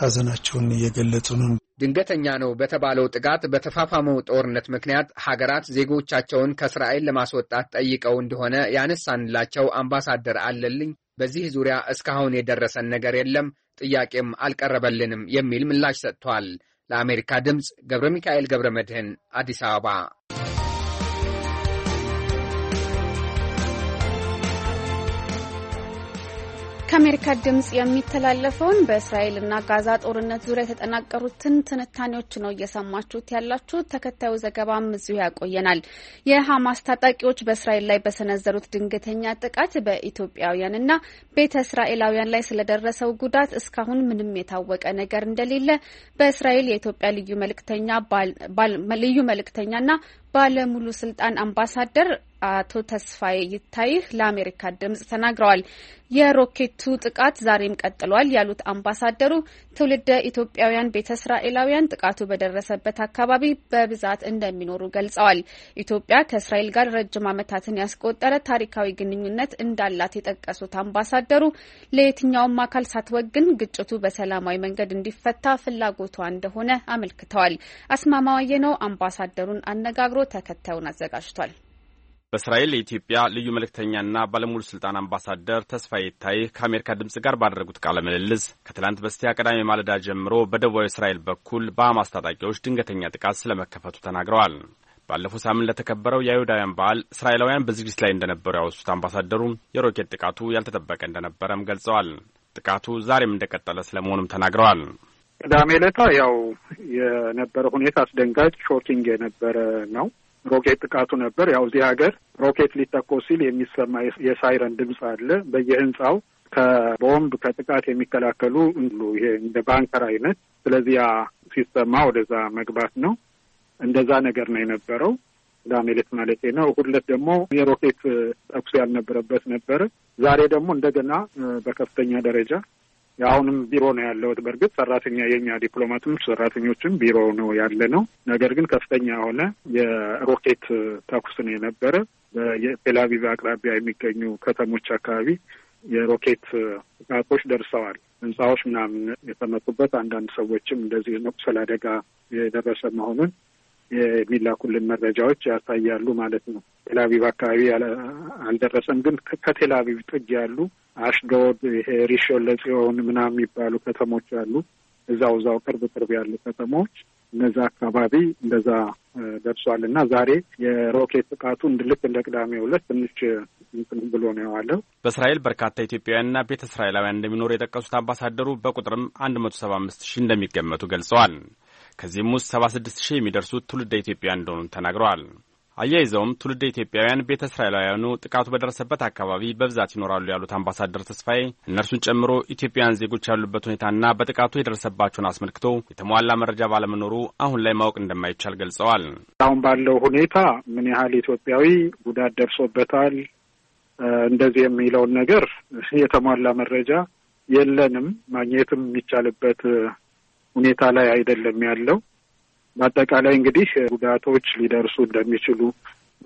ሀዘናቸውን እየገለጹ ነው። ድንገተኛ ነው በተባለው ጥቃት በተፋፋመው ጦርነት ምክንያት ሀገራት ዜጎቻቸውን ከእስራኤል ለማስወጣት ጠይቀው እንደሆነ ያነሳንላቸው አምባሳደር አለልኝ በዚህ ዙሪያ እስካሁን የደረሰን ነገር የለም፣ ጥያቄም አልቀረበልንም የሚል ምላሽ ሰጥቷል። ለአሜሪካ ድምፅ ገብረ ሚካኤል ገብረ መድህን አዲስ አበባ ከአሜሪካ ድምጽ የሚተላለፈውን በእስራኤልና ጋዛ ጦርነት ዙሪያ የተጠናቀሩትን ትንታኔዎች ነው እየሰማችሁት ያላችሁት። ተከታዩ ዘገባም እዚሁ ያቆየናል። የሐማስ ታጣቂዎች በእስራኤል ላይ በሰነዘሩት ድንገተኛ ጥቃት በኢትዮጵያውያንና ቤተ እስራኤላውያን ላይ ስለደረሰው ጉዳት እስካሁን ምንም የታወቀ ነገር እንደሌለ በእስራኤል የኢትዮጵያ ልዩ መልእክተኛ ልዩ መልእክተኛና ባለሙሉ ስልጣን አምባሳደር አቶ ተስፋዬ ይታይህ ለአሜሪካ ድምጽ ተናግረዋል። የሮኬቱ ጥቃት ዛሬም ቀጥሏል ያሉት አምባሳደሩ ትውልደ ኢትዮጵያውያን ቤተ እስራኤላውያን ጥቃቱ በደረሰበት አካባቢ በብዛት እንደሚኖሩ ገልጸዋል። ኢትዮጵያ ከእስራኤል ጋር ረጅም ዓመታትን ያስቆጠረ ታሪካዊ ግንኙነት እንዳላት የጠቀሱት አምባሳደሩ ለየትኛውም አካል ሳትወግን ግጭቱ በሰላማዊ መንገድ እንዲፈታ ፍላጎቷ እንደሆነ አመልክተዋል። አስማማዋዬ ነው አምባሳደሩን አነጋግሮ ተከታዩን አዘጋጅቷል። በእስራኤል የኢትዮጵያ ልዩ መልእክተኛና ባለሙሉ ስልጣን አምባሳደር ተስፋዬ ይታይ ከአሜሪካ ድምፅ ጋር ባደረጉት ቃለ ምልልስ ከትላንት በስቲያ ቅዳሜ ማለዳ ጀምሮ በደቡባዊ እስራኤል በኩል በሐማስ ታጣቂዎች ድንገተኛ ጥቃት ስለመከፈቱ ተናግረዋል። ባለፈው ሳምንት ለተከበረው የአይሁዳውያን በዓል እስራኤላውያን በዝግጅት ላይ እንደነበሩ ያወሱት አምባሳደሩ የሮኬት ጥቃቱ ያልተጠበቀ እንደነበረም ገልጸዋል። ጥቃቱ ዛሬም እንደቀጠለ ስለመሆኑም ተናግረዋል። ቅዳሜ ለታ ያው የነበረ ሁኔታ አስደንጋጭ ሾኪንግ የነበረ ነው። ሮኬት ጥቃቱ ነበር። ያው እዚህ ሀገር ሮኬት ሊተኮስ ሲል የሚሰማ የሳይረን ድምፅ አለ በየህንፃው ከቦምብ ከጥቃት የሚከላከሉ እንሉ ይሄ እንደ ባንከር አይነት ስለዚህ ሲሰማ ወደዛ መግባት ነው። እንደዛ ነገር ነው የነበረው ቅዳሜ ዕለት ነው። እሑድ ዕለት ደግሞ የሮኬት ተኩስ ያልነበረበት ነበረ። ዛሬ ደግሞ እንደገና በከፍተኛ ደረጃ አሁንም ቢሮ ነው ያለሁት። በእርግጥ ሰራተኛ የኛ ዲፕሎማትም ሰራተኞችም ቢሮ ነው ያለ ነው። ነገር ግን ከፍተኛ የሆነ የሮኬት ተኩስ ነው የነበረ። በቴላቪቭ አቅራቢያ የሚገኙ ከተሞች አካባቢ የሮኬት ጥቃቶች ደርሰዋል። ህንፃዎች ምናምን የተመቱበት አንዳንድ ሰዎችም እንደዚህ መቁሰል አደጋ የደረሰ መሆኑን የሚላኩልን መረጃዎች ያሳያሉ ማለት ነው። ቴላቪቭ አካባቢ አልደረሰም፣ ግን ከቴላቪቭ ጥግ ያሉ አሽዶድ፣ ይሄ ሪሾን ለጽዮን ምናምን የሚባሉ ከተሞች አሉ። እዛው እዛው ቅርብ ቅርብ ያሉ ከተሞች እነዛ አካባቢ እንደዛ ደርሷል እና ዛሬ የሮኬት ጥቃቱ ልክ እንደ ቅዳሜ ሁለት ትንሽ እንትን ብሎ ነው የዋለው። በእስራኤል በርካታ ኢትዮጵያውያንና ቤተ እስራኤላውያን እንደሚኖሩ የጠቀሱት አምባሳደሩ በቁጥርም አንድ መቶ ሰባ አምስት ሺህ እንደሚገመቱ ገልጸዋል። ከዚህም ውስጥ 76 ሺህ የሚደርሱት ትውልደ ኢትዮጵያ እንደሆኑ ተናግረዋል። አያይዘውም ትውልደ ኢትዮጵያውያን ቤተ እስራኤላውያኑ ጥቃቱ በደረሰበት አካባቢ በብዛት ይኖራሉ ያሉት አምባሳደር ተስፋዬ እነርሱን ጨምሮ ኢትዮጵያውያን ዜጎች ያሉበት ሁኔታና በጥቃቱ የደረሰባቸውን አስመልክቶ የተሟላ መረጃ ባለመኖሩ አሁን ላይ ማወቅ እንደማይቻል ገልጸዋል። አሁን ባለው ሁኔታ ምን ያህል ኢትዮጵያዊ ጉዳት ደርሶበታል እንደዚህ የሚለውን ነገር የተሟላ መረጃ የለንም። ማግኘትም የሚቻልበት ሁኔታ ላይ አይደለም ያለው። በአጠቃላይ እንግዲህ ጉዳቶች ሊደርሱ እንደሚችሉ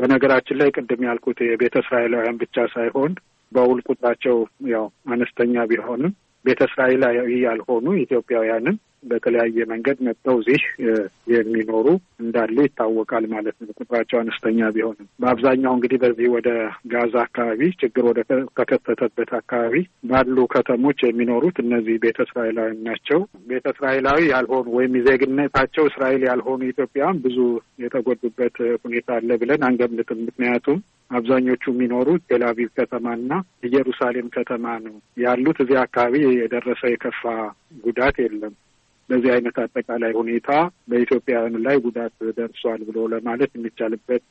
በነገራችን ላይ ቅድም ያልኩት የቤተ እስራኤላውያን ብቻ ሳይሆን በውል ቁጥራቸው ያው አነስተኛ ቢሆንም ቤተ እስራኤላዊ ያልሆኑ ኢትዮጵያውያንም በተለያየ መንገድ መጥተው እዚህ የሚኖሩ እንዳሉ ይታወቃል ማለት ነው። ቁጥራቸው አነስተኛ ቢሆንም በአብዛኛው እንግዲህ በዚህ ወደ ጋዛ አካባቢ ችግር ወደ ተከተተበት አካባቢ ባሉ ከተሞች የሚኖሩት እነዚህ ቤተ እስራኤላዊ ናቸው። ቤተ እስራኤላዊ ያልሆኑ ወይም ዜግነታቸው እስራኤል ያልሆኑ ኢትዮጵያውያን ብዙ የተጎዱበት ሁኔታ አለ ብለን አንገምትም። ምክንያቱም አብዛኞቹ የሚኖሩት ቴልአቪቭ ከተማና ኢየሩሳሌም ከተማ ነው ያሉት። እዚያ አካባቢ የደረሰ የከፋ ጉዳት የለም። በዚህ አይነት አጠቃላይ ሁኔታ በኢትዮጵያውያን ላይ ጉዳት ደርሷል ብሎ ለማለት የሚቻልበት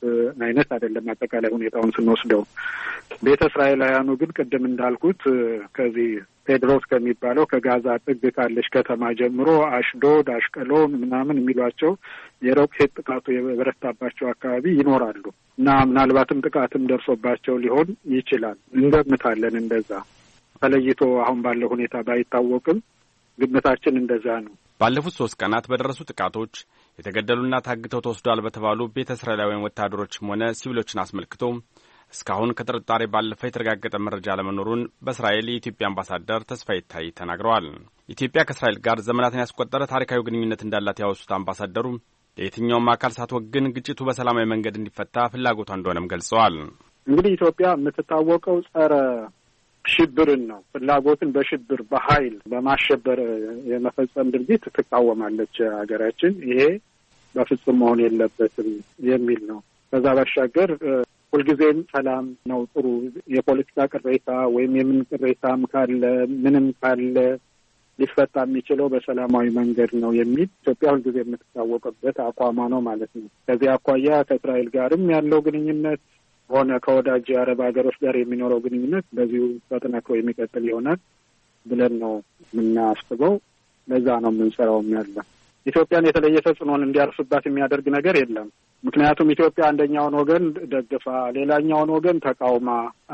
አይነት አይደለም። አጠቃላይ ሁኔታውን ስንወስደው ቤተ እስራኤላውያኑ ግን ቅድም እንዳልኩት ከዚህ ቴድሮስ ከሚባለው ከጋዛ ጥግ ካለች ከተማ ጀምሮ አሽዶድ፣ አሽቀሎን ምናምን የሚሏቸው የሮኬት ጥቃቱ የበረታባቸው አካባቢ ይኖራሉ እና ምናልባትም ጥቃትም ደርሶባቸው ሊሆን ይችላል። እንገምታለን እንደዛ ተለይቶ አሁን ባለው ሁኔታ ባይታወቅም ግምታችን እንደዛ ነው። ባለፉት ሶስት ቀናት በደረሱ ጥቃቶች የተገደሉና ታግተው ተወስዷል በተባሉ ቤተ እስራኤላውያን ወታደሮችም ሆነ ሲቪሎችን አስመልክቶ እስካሁን ከጥርጣሬ ባለፈ የተረጋገጠ መረጃ አለመኖሩን በእስራኤል የኢትዮጵያ አምባሳደር ተስፋ ይታይ ተናግረዋል። ኢትዮጵያ ከእስራኤል ጋር ዘመናትን ያስቆጠረ ታሪካዊ ግንኙነት እንዳላት ያወሱት አምባሳደሩ ለየትኛውም አካል ሳትወግን ግጭቱ በሰላማዊ መንገድ እንዲፈታ ፍላጎቷ እንደሆነም ገልጸዋል። እንግዲህ ኢትዮጵያ የምትታወቀው ጸረ ሽብርን ነው። ፍላጎትን በሽብር በኃይል በማሸበር የመፈጸም ድርጊት ትቃወማለች ሀገራችን። ይሄ በፍጹም መሆን የለበትም የሚል ነው። ከዛ ባሻገር ሁልጊዜም ሰላም ነው ጥሩ። የፖለቲካ ቅሬታ ወይም የምን ቅሬታም ካለ ምንም ካለ ሊፈታ የሚችለው በሰላማዊ መንገድ ነው የሚል ኢትዮጵያ ሁልጊዜ የምትታወቅበት አቋሟ ነው ማለት ነው። ከዚህ አኳያ ከእስራኤል ጋርም ያለው ግንኙነት ሆነ ከወዳጅ የአረብ ሀገሮች ጋር የሚኖረው ግንኙነት በዚሁ ተጠናክሮ የሚቀጥል ይሆናል ብለን ነው የምናስበው። ለዛ ነው የምንሰራውም ያለ ኢትዮጵያን የተለየ ተጽዕኖን እንዲያርፍባት የሚያደርግ ነገር የለም። ምክንያቱም ኢትዮጵያ አንደኛውን ወገን ደግፋ ሌላኛውን ወገን ተቃውማ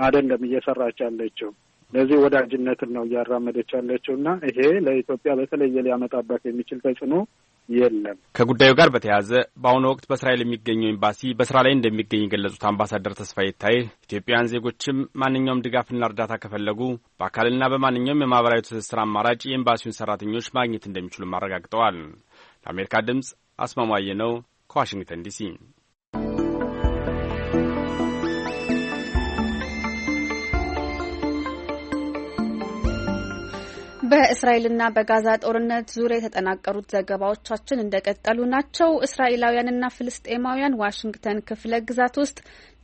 አይደለም እየሰራች ያለችው። ለዚህ ወዳጅነትን ነው እያራመደች ያለችው እና ይሄ ለኢትዮጵያ በተለየ ሊያመጣባት የሚችል ተጽዕኖ የለም። ከጉዳዩ ጋር በተያያዘ በአሁኑ ወቅት በእስራኤል የሚገኘው ኤምባሲ በስራ ላይ እንደሚገኝ የገለጹት አምባሳደር ተስፋ ይታይ ኢትዮጵያውያን ዜጎችም ማንኛውም ድጋፍና እርዳታ ከፈለጉ በአካልና በማንኛውም የማህበራዊ ትስስር አማራጭ የኤምባሲውን ሰራተኞች ማግኘት እንደሚችሉም አረጋግጠዋል። ለአሜሪካ ድምፅ አስማማየ ነው ከዋሽንግተን ዲሲ በእስራኤልና በጋዛ ጦርነት ዙሪያ የተጠናቀሩት ዘገባዎቻችን እንደቀጠሉ ናቸው። እስራኤላውያንና ፍልስጤማውያን ዋሽንግተን ክፍለ ግዛት ውስጥ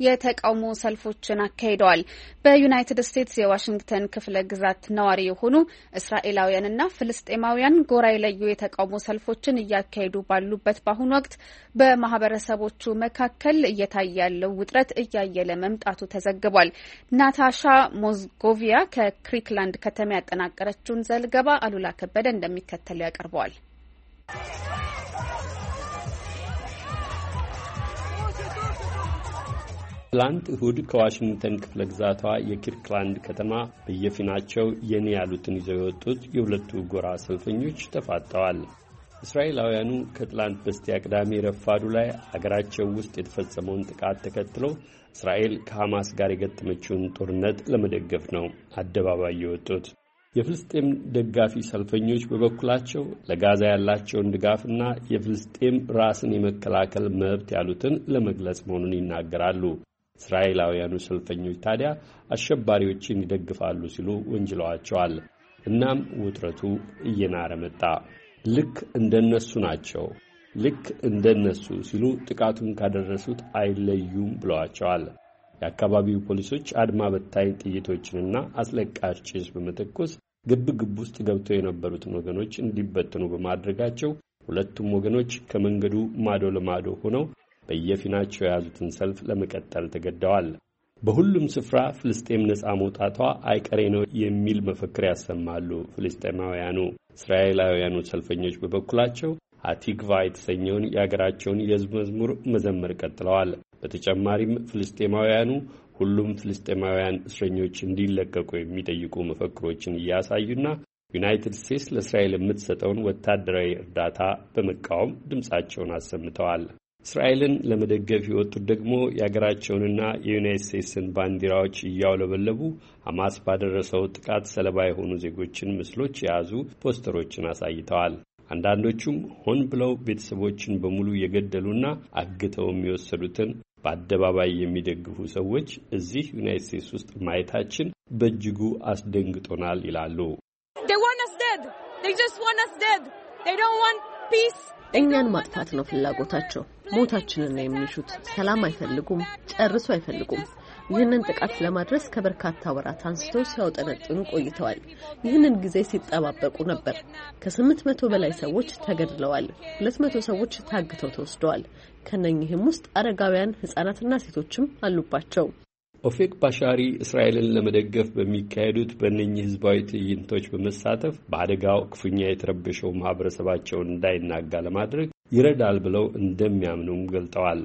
የተቃውሞ ሰልፎችን አካሂደዋል። በዩናይትድ ስቴትስ የዋሽንግተን ክፍለ ግዛት ነዋሪ የሆኑ እስራኤላውያንና ፍልስጤማውያን ጎራ የለዩ የተቃውሞ ሰልፎችን እያካሄዱ ባሉበት በአሁኑ ወቅት በማህበረሰቦቹ መካከል እየታየ ያለው ውጥረት እያየለ መምጣቱ ተዘግቧል። ናታሻ ሞዝጎቪያ ከክሪክላንድ ከተማ ያጠናቀረችውን ዘገባ አሉላ ከበደ እንደሚከተል ያቀርበዋል። ትላንት እሁድ ከዋሽንግተን ክፍለ ግዛቷ የኪርክላንድ ከተማ በየፊናቸው የኔ ያሉትን ይዘው የወጡት የሁለቱ ጎራ ሰልፈኞች ተፋጠዋል። እስራኤላውያኑ ከትላንት በስቲያ ቅዳሜ ረፋዱ ላይ አገራቸው ውስጥ የተፈጸመውን ጥቃት ተከትሎ እስራኤል ከሐማስ ጋር የገጠመችውን ጦርነት ለመደገፍ ነው አደባባይ የወጡት። የፍልስጤም ደጋፊ ሰልፈኞች በበኩላቸው ለጋዛ ያላቸውን ድጋፍና የፍልስጤም ራስን የመከላከል መብት ያሉትን ለመግለጽ መሆኑን ይናገራሉ። እስራኤላውያኑ ሰልፈኞች ታዲያ አሸባሪዎችን ይደግፋሉ ሲሉ ወንጅለዋቸዋል። እናም ውጥረቱ እየናረ መጣ። ልክ እንደነሱ ናቸው፣ ልክ እንደነሱ ሲሉ ጥቃቱን ካደረሱት አይለዩም ብለዋቸዋል። የአካባቢው ፖሊሶች አድማ በታይ ጥይቶችንና አስለቃሽ ጭስ በመተኮስ ግብ ግብ ውስጥ ገብተው የነበሩትን ወገኖች እንዲበተኑ በማድረጋቸው ሁለቱም ወገኖች ከመንገዱ ማዶ ለማዶ ሆነው በየፊናቸው የያዙትን ሰልፍ ለመቀጠል ተገደዋል። በሁሉም ስፍራ ፍልስጤም ነፃ መውጣቷ አይቀሬ ነው የሚል መፈክር ያሰማሉ ፍልስጤማውያኑ። እስራኤላውያኑ ሰልፈኞች በበኩላቸው አቲግቫ የተሰኘውን የአገራቸውን የሕዝብ መዝሙር መዘመር ቀጥለዋል። በተጨማሪም ፍልስጤማውያኑ ሁሉም ፍልስጤማውያን እስረኞች እንዲለቀቁ የሚጠይቁ መፈክሮችን እያሳዩና ዩናይትድ ስቴትስ ለእስራኤል የምትሰጠውን ወታደራዊ እርዳታ በመቃወም ድምፃቸውን አሰምተዋል። እስራኤልን ለመደገፍ የወጡት ደግሞ የሀገራቸውንና የዩናይት ስቴትስን ባንዲራዎች እያውለበለቡ ሐማስ ባደረሰው ጥቃት ሰለባ የሆኑ ዜጎችን ምስሎች የያዙ ፖስተሮችን አሳይተዋል። አንዳንዶቹም ሆን ብለው ቤተሰቦችን በሙሉ የገደሉና አግተው የሚወሰዱትን በአደባባይ የሚደግፉ ሰዎች እዚህ ዩናይት ስቴትስ ውስጥ ማየታችን በእጅጉ አስደንግጦናል ይላሉ። እኛን ማጥፋት ነው ፍላጎታቸው። ሞታችንን ነው የሚሹት። ሰላም አይፈልጉም፣ ጨርሶ አይፈልጉም። ይህንን ጥቃት ለማድረስ ከበርካታ ወራት አንስተው ሲያውጠነጥኑ ቆይተዋል። ይህንን ጊዜ ሲጠባበቁ ነበር። ከስምንት መቶ በላይ ሰዎች ተገድለዋል። ሁለት መቶ ሰዎች ታግተው ተወስደዋል። ከነኚህም ውስጥ አረጋውያን ህጻናትና ሴቶችም አሉባቸው። ኦፌክ ባሻሪ እስራኤልን ለመደገፍ በሚካሄዱት በእነኚህ ህዝባዊ ትዕይንቶች በመሳተፍ በአደጋው ክፉኛ የተረበሸው ማህበረሰባቸውን እንዳይናጋ ለማድረግ ይረዳል ብለው እንደሚያምኑም ገልጠዋል።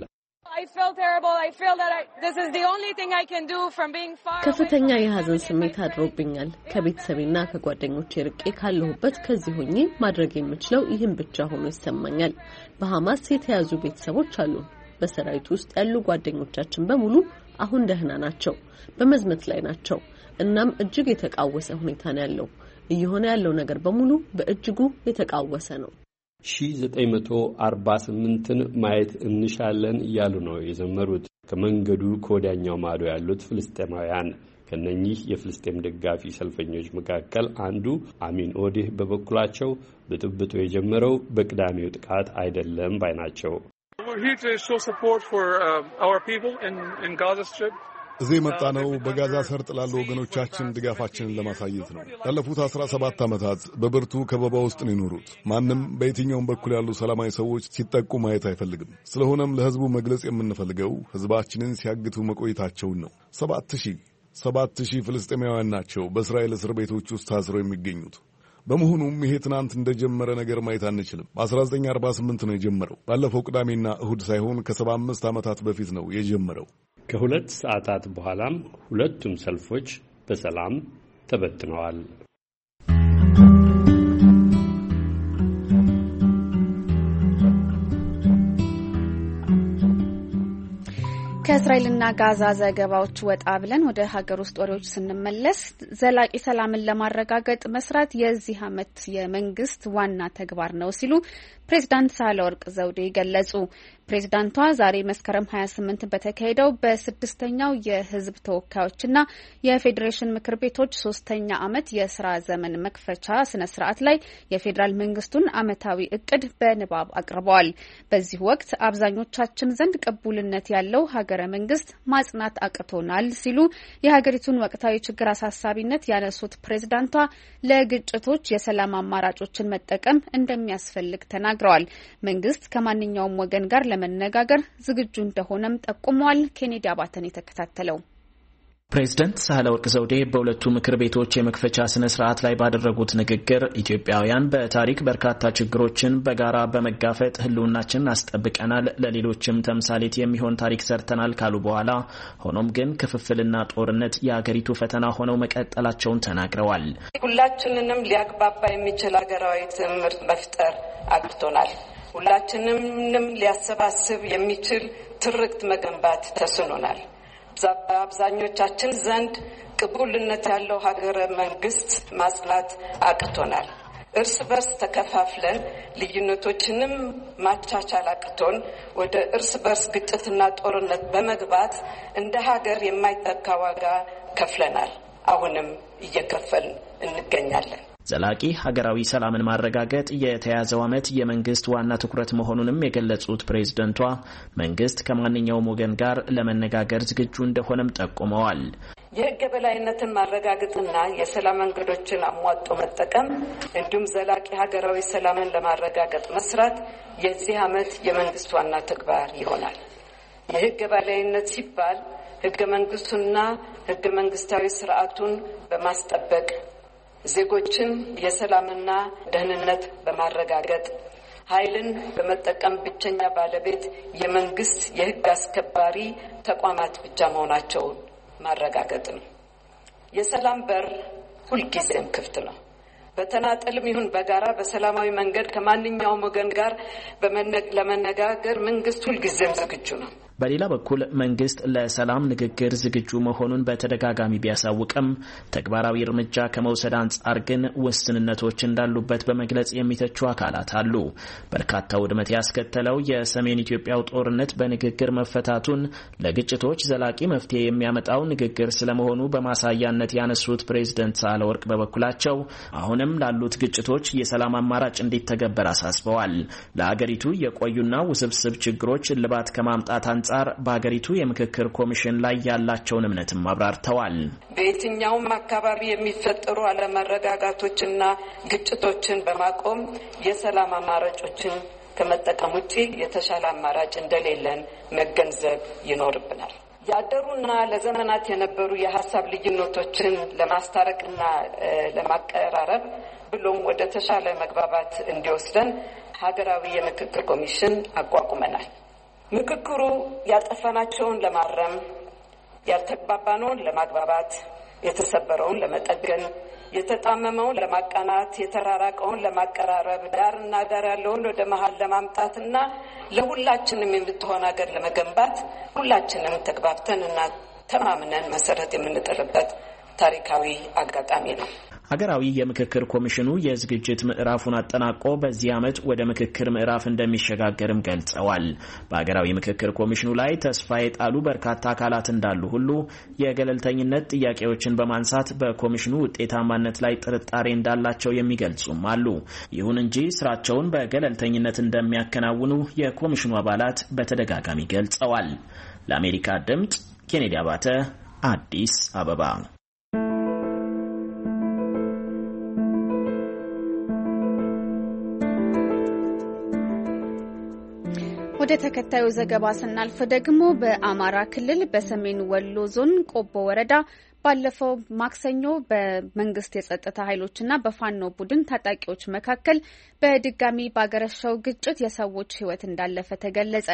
ከፍተኛ የሀዘን ስሜት አድሮብኛል። ከቤተሰቤና ከጓደኞቼ ርቄ ካለሁበት ከዚህ ሆኜ ማድረግ የምችለው ይህን ብቻ ሆኖ ይሰማኛል። በሐማስ የተያዙ ቤተሰቦች አሉ። በሰራዊት ውስጥ ያሉ ጓደኞቻችን በሙሉ አሁን ደህና ናቸው፣ በመዝመት ላይ ናቸው። እናም እጅግ የተቃወሰ ሁኔታ ነው ያለው። እየሆነ ያለው ነገር በሙሉ በእጅጉ የተቃወሰ ነው። 1948ን ማየት እንሻለን እያሉ ነው የዘመሩት ከመንገዱ ከወዲያኛው ማዶ ያሉት ፍልስጤማውያን ከነኚህ የፍልስጤም ደጋፊ ሰልፈኞች መካከል አንዱ አሚን ኦዴህ በበኩላቸው ብጥብጡ የጀመረው በቅዳሜው ጥቃት አይደለም ባይ ናቸው። እዚህ የመጣ ነው በጋዛ ሰርጥ ላሉ ወገኖቻችን ድጋፋችንን ለማሳየት ነው። ላለፉት አስራ ሰባት ዓመታት በብርቱ ከበባ ውስጥ ነው የኖሩት። ማንም በየትኛውም በኩል ያሉ ሰላማዊ ሰዎች ሲጠቁ ማየት አይፈልግም። ስለሆነም ለሕዝቡ መግለጽ የምንፈልገው ሕዝባችንን ሲያግቱ መቆየታቸውን ነው ሰባት ሺህ ሰባት ሺህ ፍልስጤማውያን ናቸው በእስራኤል እስር ቤቶች ውስጥ ታስረው የሚገኙት። በመሆኑም ይሄ ትናንት እንደጀመረ ነገር ማየት አንችልም። በ1948 ነው የጀመረው። ባለፈው ቅዳሜና እሁድ ሳይሆን ከ75 ዓመታት በፊት ነው የጀመረው። ከሁለት ሰዓታት በኋላም ሁለቱም ሰልፎች በሰላም ተበትነዋል። ከእስራኤልና ጋዛ ዘገባዎች ወጣ ብለን ወደ ሀገር ውስጥ ወሬዎች ስንመለስ ዘላቂ ሰላምን ለማረጋገጥ መስራት የዚህ ዓመት የመንግስት ዋና ተግባር ነው ሲሉ ፕሬዚዳንት ሳህለወርቅ ዘውዴ ገለጹ። ፕሬዚዳንቷ ዛሬ መስከረም 28 በተካሄደው በስድስተኛው የህዝብ ተወካዮችና የፌዴሬሽን ምክር ቤቶች ሶስተኛ ዓመት የስራ ዘመን መክፈቻ ስነ ስርዓት ላይ የፌዴራል መንግስቱን ዓመታዊ እቅድ በንባብ አቅርበዋል። በዚህ ወቅት አብዛኞቻችን ዘንድ ቅቡልነት ያለው ሀገረ መንግስት ማጽናት አቅቶናል ሲሉ የሀገሪቱን ወቅታዊ ችግር አሳሳቢነት ያነሱት ፕሬዚዳንቷ ለግጭቶች የሰላም አማራጮችን መጠቀም እንደሚያስፈልግ ተናግረዋል። መንግስት ከማንኛውም ወገን ጋር ለመነጋገር ዝግጁ እንደሆነም ጠቁመዋል። ኬኔዲ አባተን የተከታተለው ፕሬዝደንት ሳህለወርቅ ዘውዴ በሁለቱ ምክር ቤቶች የመክፈቻ ስነ ስርዓት ላይ ባደረጉት ንግግር ኢትዮጵያውያን በታሪክ በርካታ ችግሮችን በጋራ በመጋፈጥ ሕልውናችንን አስጠብቀናል፣ ለሌሎችም ተምሳሌት የሚሆን ታሪክ ሰርተናል ካሉ በኋላ ሆኖም ግን ክፍፍልና ጦርነት የአገሪቱ ፈተና ሆነው መቀጠላቸውን ተናግረዋል። ሁላችንንም ሊያግባባ የሚችል ሀገራዊ ትምህርት መፍጠር አግቶናል። ሁላችንንም ሊያሰባስብ የሚችል ትርክት መገንባት ተስኖናል። በአብዛኞቻችን ዘንድ ቅቡልነት ያለው ሀገረ መንግስት ማጽናት አቅቶናል። እርስ በርስ ተከፋፍለን ልዩነቶችንም ማቻቻል አቅቶን ወደ እርስ በርስ ግጭትና ጦርነት በመግባት እንደ ሀገር የማይተካ ዋጋ ከፍለናል። አሁንም እየከፈልን እንገኛለን። ዘላቂ ሀገራዊ ሰላምን ማረጋገጥ የተያዘው ዓመት የመንግስት ዋና ትኩረት መሆኑንም የገለጹት ፕሬዝደንቷ መንግስት ከማንኛውም ወገን ጋር ለመነጋገር ዝግጁ እንደሆነም ጠቁመዋል። የህገ በላይነትን ማረጋገጥና የሰላም መንገዶችን አሟጦ መጠቀም እንዲሁም ዘላቂ ሀገራዊ ሰላምን ለማረጋገጥ መስራት የዚህ ዓመት የመንግስት ዋና ተግባር ይሆናል። የህገ በላይነት ሲባል ህገ መንግስቱና ህገ መንግስታዊ ስርዓቱን በማስጠበቅ ዜጎችን የሰላምና ደህንነት በማረጋገጥ ኃይልን በመጠቀም ብቸኛ ባለቤት የመንግስት የህግ አስከባሪ ተቋማት ብቻ መሆናቸውን ማረጋገጥ ነው። የሰላም በር ሁልጊዜም ክፍት ነው። በተናጠልም ይሁን በጋራ በሰላማዊ መንገድ ከማንኛውም ወገን ጋር ለመነጋገር መንግስት ሁልጊዜም ዝግጁ ነው። በሌላ በኩል መንግስት ለሰላም ንግግር ዝግጁ መሆኑን በተደጋጋሚ ቢያሳውቅም ተግባራዊ እርምጃ ከመውሰድ አንጻር ግን ውስንነቶች እንዳሉበት በመግለጽ የሚተቹ አካላት አሉ። በርካታ ውድመት ያስከተለው የሰሜን ኢትዮጵያው ጦርነት በንግግር መፈታቱን ለግጭቶች ዘላቂ መፍትሄ የሚያመጣው ንግግር ስለመሆኑ በማሳያነት ያነሱት ፕሬዝደንት ሳህለወርቅ በበኩላቸው አሁንም ላሉት ግጭቶች የሰላም አማራጭ እንዲተገበር አሳስበዋል። ለአገሪቱ የቆዩና ውስብስብ ችግሮች እልባት ከማምጣት አንጻር በሀገሪቱ የምክክር ኮሚሽን ላይ ያላቸውን እምነትም አብራርተዋል። በየትኛውም አካባቢ የሚፈጠሩ አለመረጋጋቶችና ግጭቶችን በማቆም የሰላም አማራጮችን ከመጠቀም ውጪ የተሻለ አማራጭ እንደሌለን መገንዘብ ይኖርብናል። ያደሩና ለዘመናት የነበሩ የሀሳብ ልዩነቶችን ለማስታረቅና ለማቀራረብ ብሎም ወደ ተሻለ መግባባት እንዲወስደን ሀገራዊ የምክክር ኮሚሽን አቋቁመናል። ምክክሩ ያልጠፋናቸውን ለማረም፣ ያልተግባባነውን ለማግባባት፣ የተሰበረውን ለመጠገን፣ የተጣመመውን ለማቃናት፣ የተራራቀውን ለማቀራረብ፣ ዳርና ዳር ያለውን ወደ መሀል ለማምጣትና ለሁላችንም የምትሆን ሀገር ለመገንባት ሁላችንም ተግባብተን እና ተማምነን መሰረት የምንጥልበት ታሪካዊ አጋጣሚ ነው። ሀገራዊ የምክክር ኮሚሽኑ የዝግጅት ምዕራፉን አጠናቆ በዚህ ዓመት ወደ ምክክር ምዕራፍ እንደሚሸጋገርም ገልጸዋል። በሀገራዊ ምክክር ኮሚሽኑ ላይ ተስፋ የጣሉ በርካታ አካላት እንዳሉ ሁሉ የገለልተኝነት ጥያቄዎችን በማንሳት በኮሚሽኑ ውጤታማነት ላይ ጥርጣሬ እንዳላቸው የሚገልጹም አሉ። ይሁን እንጂ ስራቸውን በገለልተኝነት እንደሚያከናውኑ የኮሚሽኑ አባላት በተደጋጋሚ ገልጸዋል። ለአሜሪካ ድምፅ ኬኔዲ አባተ አዲስ አበባ ወደ ተከታዩ ዘገባ ስናልፍ ደግሞ በአማራ ክልል በሰሜን ወሎ ዞን ቆቦ ወረዳ ባለፈው ማክሰኞ በመንግስት የጸጥታ ኃይሎችና በፋኖ ቡድን ታጣቂዎች መካከል በድጋሚ ባገረሸው ግጭት የሰዎች ሕይወት እንዳለፈ ተገለጸ።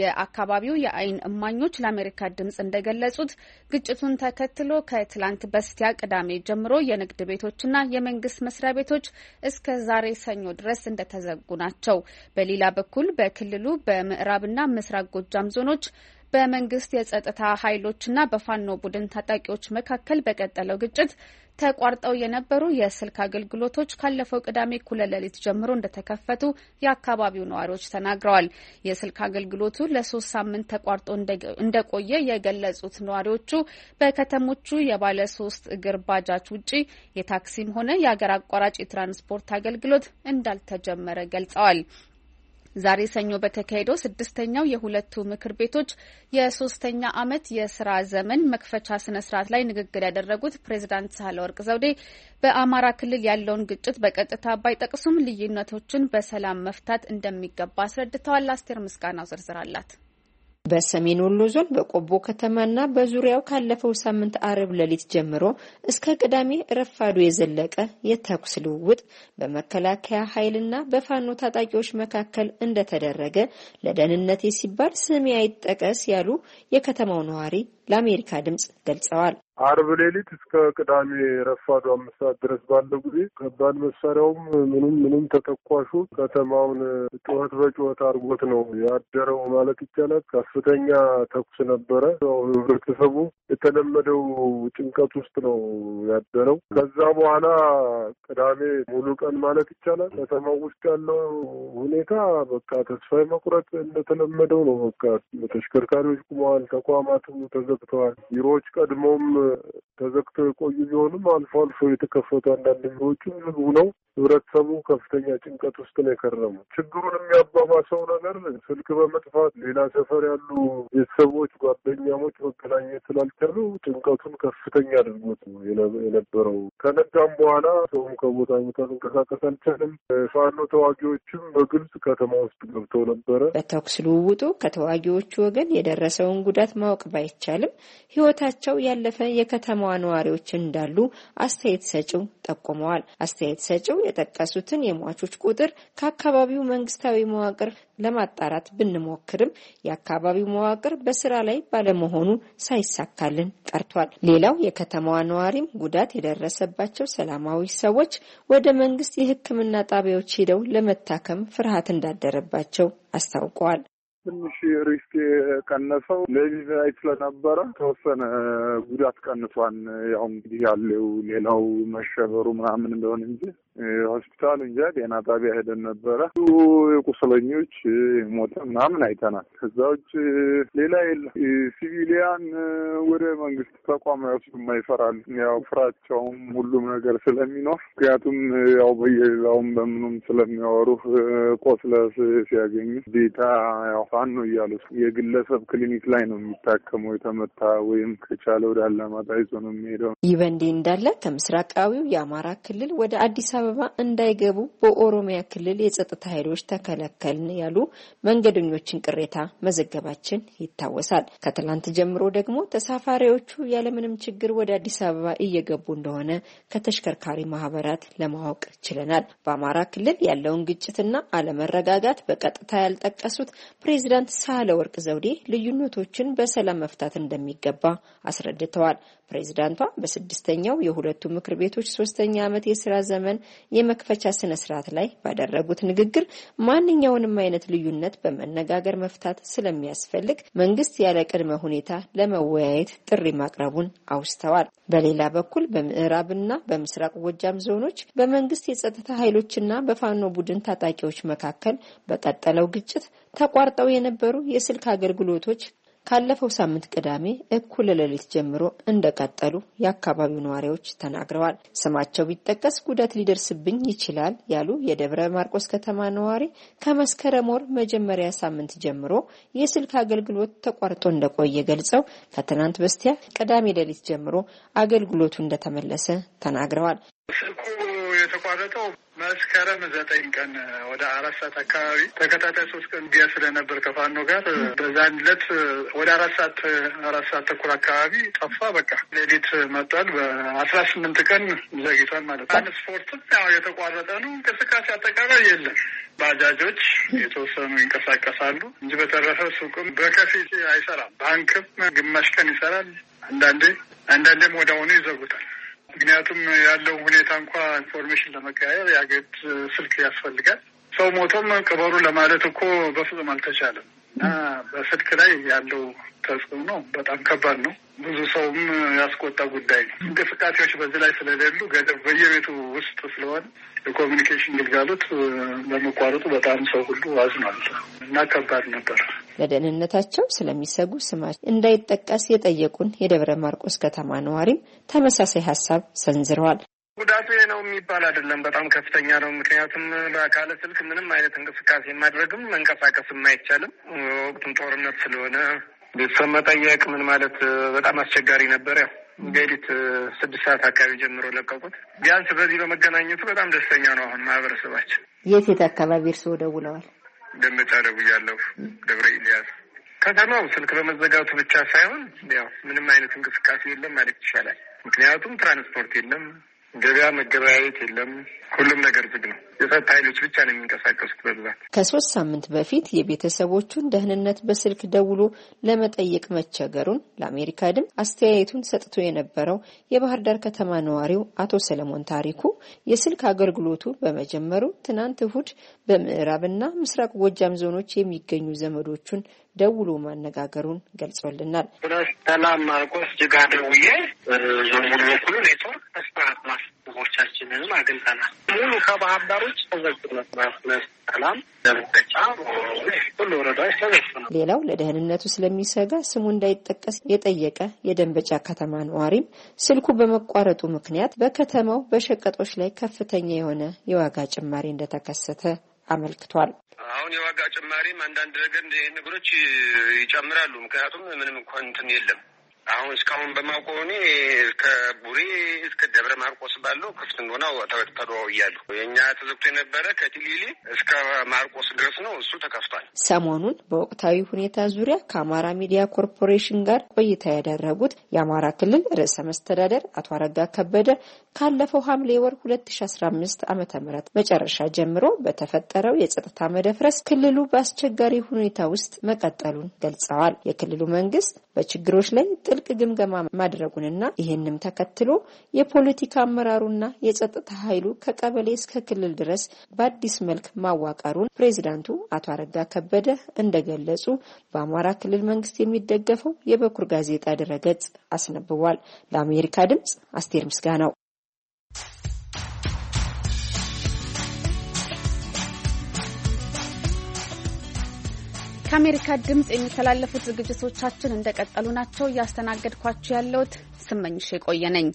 የአካባቢው የአይን እማኞች ለአሜሪካ ድምጽ እንደገለጹት ግጭቱን ተከትሎ ከትላንት በስቲያ ቅዳሜ ጀምሮ የንግድ ቤቶችና የመንግስት መስሪያ ቤቶች እስከ ዛሬ ሰኞ ድረስ እንደተዘጉ ናቸው። በሌላ በኩል በክልሉ በምዕራብና ምስራቅ ጎጃም ዞኖች በመንግስት የጸጥታ ኃይሎችና በፋኖ ቡድን ታጣቂዎች መካከል በቀጠለው ግጭት ተቋርጠው የነበሩ የስልክ አገልግሎቶች ካለፈው ቅዳሜ እኩለ ሌሊት ጀምሮ እንደተከፈቱ የአካባቢው ነዋሪዎች ተናግረዋል። የስልክ አገልግሎቱ ለሶስት ሳምንት ተቋርጦ እንደቆየ የገለጹት ነዋሪዎቹ በከተሞቹ የባለ ሶስት እግር ባጃጅ ውጪ የታክሲም ሆነ የአገር አቋራጭ የትራንስፖርት አገልግሎት እንዳልተጀመረ ገልጸዋል። ዛሬ ሰኞ በተካሄደው ስድስተኛው የሁለቱ ምክር ቤቶች የሶስተኛ ዓመት የስራ ዘመን መክፈቻ ስነ ስርዓት ላይ ንግግር ያደረጉት ፕሬዚዳንት ሳህለወርቅ ዘውዴ በአማራ ክልል ያለውን ግጭት በቀጥታ ባይጠቅሱም ልዩነቶችን በሰላም መፍታት እንደሚገባ አስረድተዋል። አስቴር ምስጋናው ዝርዝር አላት። በሰሜን ወሎ ዞን በቆቦ ከተማና በዙሪያው ካለፈው ሳምንት አርብ ሌሊት ጀምሮ እስከ ቅዳሜ ረፋዱ የዘለቀ የተኩስ ልውውጥ በመከላከያ ኃይልና በፋኖ ታጣቂዎች መካከል እንደተደረገ ለደህንነቴ ሲባል ስሜ አይጠቀስ ያሉ የከተማው ነዋሪ ለአሜሪካ ድምፅ ገልጸዋል። አርብ ሌሊት እስከ ቅዳሜ ረፋዱ አምስት ሰዓት ድረስ ባለው ጊዜ ከባድ መሳሪያውም ምንም ምንም ተተኳሹ ከተማውን ጩኸት በጩኸት አድርጎት ነው ያደረው ማለት ይቻላል። ከፍተኛ ተኩስ ነበረ። ህብረተሰቡ የተለመደው ጭንቀት ውስጥ ነው ያደረው። ከዛ በኋላ ቅዳሜ ሙሉ ቀን ማለት ይቻላል ከተማው ውስጥ ያለው ሁኔታ በቃ ተስፋ መቁረጥ እንደተለመደው ነው። በቃ ተሽከርካሪዎች ቁመዋል። ተቋማቱ ተዘ ተዘግተዋል። ቢሮዎች ቀድሞም ተዘግተው የቆዩ ቢሆንም አልፎ አልፎ የተከፈቱ አንዳንድ ቢሮዎችም ዝግ ነው። ህብረተሰቡ ከፍተኛ ጭንቀት ውስጥ ነው የከረሙ። ችግሩን የሚያባባሰው ነገር ስልክ በመጥፋት ሌላ ሰፈር ያሉ ቤተሰቦች፣ ጓደኛሞች መገናኘት ስላልቻሉ ጭንቀቱን ከፍተኛ አድርጎት የነበረው ከነጋም በኋላ ሰውም ከቦታ ቦታ መንቀሳቀስ አልቻለም። ፋኖ ተዋጊዎችም በግልጽ ከተማ ውስጥ ገብተው ነበረ። በተኩስ ልውውጡ ከተዋጊዎቹ ወገን የደረሰውን ጉዳት ማወቅ ባይቻልም ቢባልም ህይወታቸው ያለፈ የከተማዋ ነዋሪዎች እንዳሉ አስተያየት ሰጪው ጠቁመዋል። አስተያየት ሰጪው የጠቀሱትን የሟቾች ቁጥር ከአካባቢው መንግስታዊ መዋቅር ለማጣራት ብንሞክርም የአካባቢው መዋቅር በስራ ላይ ባለመሆኑ ሳይሳካልን ቀርቷል። ሌላው የከተማዋ ነዋሪም ጉዳት የደረሰባቸው ሰላማዊ ሰዎች ወደ መንግስት የሕክምና ጣቢያዎች ሄደው ለመታከም ፍርሃት እንዳደረባቸው አስታውቀዋል። ትንሽ ሪስክ የቀነሰው ለቪዛ ስለነበረ ተወሰነ ጉዳት ቀንሷን። ያው እንግዲህ ያለው ሌላው መሸበሩ ምናምን እንደሆነ እንጂ ሆስፒታል እንጃ ጤና ጣቢያ ሄደን ነበረ። የቁስለኞች ሞተ ምናምን አይተናል። ከዛ ውጭ ሌላ የለም። ሲቪሊያን ወደ መንግስት ተቋም ያሱም ይፈራሉ። ያው ፍራቸውም ሁሉም ነገር ስለሚኖር ምክንያቱም ያው በየሌላውም በምኑም ስለሚያወሩ ቆስለስ ሲያገኙ ዴታ ያው ፋኖ እያሉ የግለሰብ ክሊኒክ ላይ ነው የሚታከመው የተመታ ወይም ከቻለ ወደ አላማጣ ይዞ ነው የሚሄደው። ይህ በእንዲህ እንዳለ ከምስራቃዊው የአማራ ክልል ወደ አዲስ አበባ እንዳይገቡ በኦሮሚያ ክልል የጸጥታ ኃይሎች ተከለከልን ያሉ መንገደኞችን ቅሬታ መዘገባችን ይታወሳል። ከትላንት ጀምሮ ደግሞ ተሳፋሪዎቹ ያለምንም ችግር ወደ አዲስ አበባ እየገቡ እንደሆነ ከተሽከርካሪ ማህበራት ለማወቅ ችለናል። በአማራ ክልል ያለውን ግጭትና አለመረጋጋት በቀጥታ ያልጠቀሱት ፕሬዚዳንት ፕሬዚዳንት ወርቅ ዘውዴ ልዩነቶችን በሰላም መፍታት እንደሚገባ አስረድተዋል። ፕሬዚዳንቷ በስድስተኛው የሁለቱ ምክር ቤቶች ሶስተኛ ዓመት የስራ ዘመን የመክፈቻ ስነ ስርዓት ላይ ባደረጉት ንግግር ማንኛውንም አይነት ልዩነት በመነጋገር መፍታት ስለሚያስፈልግ መንግስት ያለ ቅድመ ሁኔታ ለመወያየት ጥሪ ማቅረቡን አውስተዋል። በሌላ በኩል በምዕራብና በምስራቅ ጎጃም ዞኖች በመንግስት የጸጥታ ኃይሎችና በፋኖ ቡድን ታጣቂዎች መካከል በቀጠለው ግጭት ተቋርጠው የነበሩ የስልክ አገልግሎቶች ካለፈው ሳምንት ቅዳሜ እኩል ሌሊት ጀምሮ እንደቀጠሉ የአካባቢው ነዋሪዎች ተናግረዋል። ስማቸው ቢጠቀስ ጉዳት ሊደርስብኝ ይችላል ያሉ የደብረ ማርቆስ ከተማ ነዋሪ ከመስከረም ወር መጀመሪያ ሳምንት ጀምሮ የስልክ አገልግሎት ተቋርጦ እንደቆየ ገልጸው ከትናንት በስቲያ ቅዳሜ ሌሊት ጀምሮ አገልግሎቱ እንደተመለሰ ተናግረዋል። ስልኩ የተቋረጠው መስከረም ዘጠኝ ቀን ወደ አራት ሰዓት አካባቢ ተከታታይ ሶስት ቀን ጊያ ስለነበር ከፋኖ ጋር በዛን ዕለት ወደ አራት ሰዓት አራት ሰዓት ተኩል አካባቢ ጠፋ። በቃ ሌሊት መጥቷል። በአስራ ስምንት ቀን ዘግቷል ማለት ነው። ትራንስፖርትም ያው የተቋረጠ ነው። እንቅስቃሴ አጠቃላይ የለም። ባጃጆች የተወሰኑ ይንቀሳቀሳሉ እንጂ በተረፈ ሱቅም በከፊል አይሰራም። ባንክም ግማሽ ቀን ይሰራል። አንዳንዴ አንዳንዴም ወደ አሁኑ ይዘጉታል። ምክንያቱም ያለው ሁኔታ እንኳ ኢንፎርሜሽን ለመቀያየር የአገድ ስልክ ያስፈልጋል። ሰው ሞቶም ቅበሩ ለማለት እኮ በፍጹም አልተቻለም። እና በስልክ ላይ ያለው ተጽዕኖ በጣም ከባድ ነው። ብዙ ሰውም ያስቆጣ ጉዳይ ነው። እንቅስቃሴዎች በዚህ ላይ ስለሌሉ ገደብ በየቤቱ ውስጥ ስለሆነ የኮሚኒኬሽን ግልጋሎት በመቋረጡ በጣም ሰው ሁሉ አዝኗል እና ከባድ ነበር። ለደህንነታቸው ስለሚሰጉ ስማቸው እንዳይጠቀስ የጠየቁን የደብረ ማርቆስ ከተማ ነዋሪም ተመሳሳይ ሀሳብ ሰንዝረዋል። ጉዳቱ ነው የሚባል አይደለም። በጣም ከፍተኛ ነው። ምክንያቱም በአካለ ስልክ ምንም አይነት እንቅስቃሴ ማድረግም መንቀሳቀስም አይቻልም። ወቅቱም ጦርነት ስለሆነ ቤተሰብ መጠየቅ ምን ማለት በጣም አስቸጋሪ ነበር። ያው ሌሊት ስድስት ሰዓት አካባቢ ጀምሮ ለቀቁት። ቢያንስ በዚህ በመገናኘቱ በጣም ደስተኛ ነው አሁን ማህበረሰባችን። የት አካባቢ እርስዎ ደውለዋል? ደመጫ ደውያለሁ፣ ደብረ ኤልያስ ከተማው ስልክ በመዘጋቱ ብቻ ሳይሆን ያው ምንም አይነት እንቅስቃሴ የለም ማለት ይቻላል። ምክንያቱም ትራንስፖርት የለም ገበያ መገበያየት የለም። ሁሉም ነገር ዝግ ነው። የጸጥታ ኃይሎች ብቻ ነው የሚንቀሳቀሱት በብዛት። ከሶስት ሳምንት በፊት የቤተሰቦቹን ደህንነት በስልክ ደውሎ ለመጠየቅ መቸገሩን ለአሜሪካ ድምፅ አስተያየቱን ሰጥቶ የነበረው የባህር ዳር ከተማ ነዋሪው አቶ ሰለሞን ታሪኩ የስልክ አገልግሎቱ በመጀመሩ ትናንት እሁድ በምዕራብና ምስራቅ ጎጃም ዞኖች የሚገኙ ዘመዶቹን ደውሎ ማነጋገሩን ገልጾልናል። ሰላም ማርቆስ ጅጋ ደውዬ ሙሉ ኔትወርክ አግኝተናል። ሙሉ ከባህር ዳሮች ሌላው ለደህንነቱ ስለሚሰጋ ስሙ እንዳይጠቀስ የጠየቀ የደንበጫ ከተማ ነዋሪም ስልኩ በመቋረጡ ምክንያት በከተማው በሸቀጦች ላይ ከፍተኛ የሆነ የዋጋ ጭማሪ እንደተከሰተ አመልክቷል። አሁን የዋጋ ጭማሪም አንዳንድ ነገር ነገሮች ይጨምራሉ። ምክንያቱም ምንም እንኳን እንትን የለም አሁን እስካሁን በማውቀው እኔ እስከ ቡሬ እስከ ደብረ ማርቆስ ባለው ክፍት እንደሆነ እያሉ የእኛ ተዘግቶ የነበረ ከቲሊሊ እስከ ማርቆስ ድረስ ነው፣ እሱ ተከፍቷል። ሰሞኑን በወቅታዊ ሁኔታ ዙሪያ ከአማራ ሚዲያ ኮርፖሬሽን ጋር ቆይታ ያደረጉት የአማራ ክልል ርዕሰ መስተዳደር አቶ አረጋ ከበደ ካለፈው ሐምሌ ወር 2015 ዓ ም መጨረሻ ጀምሮ በተፈጠረው የጸጥታ መደፍረስ ክልሉ በአስቸጋሪ ሁኔታ ውስጥ መቀጠሉን ገልጸዋል። የክልሉ መንግስት በችግሮች ላይ ጥልቅ ግምገማ ማድረጉንና ይህንም ተከትሎ የፖለቲካ አመራሩና የጸጥታ ኃይሉ ከቀበሌ እስከ ክልል ድረስ በአዲስ መልክ ማዋቀሩን ፕሬዚዳንቱ አቶ አረጋ ከበደ እንደገለጹ በአማራ ክልል መንግስት የሚደገፈው የበኩር ጋዜጣ ድረገጽ አስነብቧል። ለአሜሪካ ድምጽ አስቴር ምስጋናው ከአሜሪካ ድምፅ የሚተላለፉት ዝግጅቶቻችን እንደቀጠሉ ናቸው። እያስተናገድኳችሁ ያለሁት ስመኝሽ የቆየ ነኝ።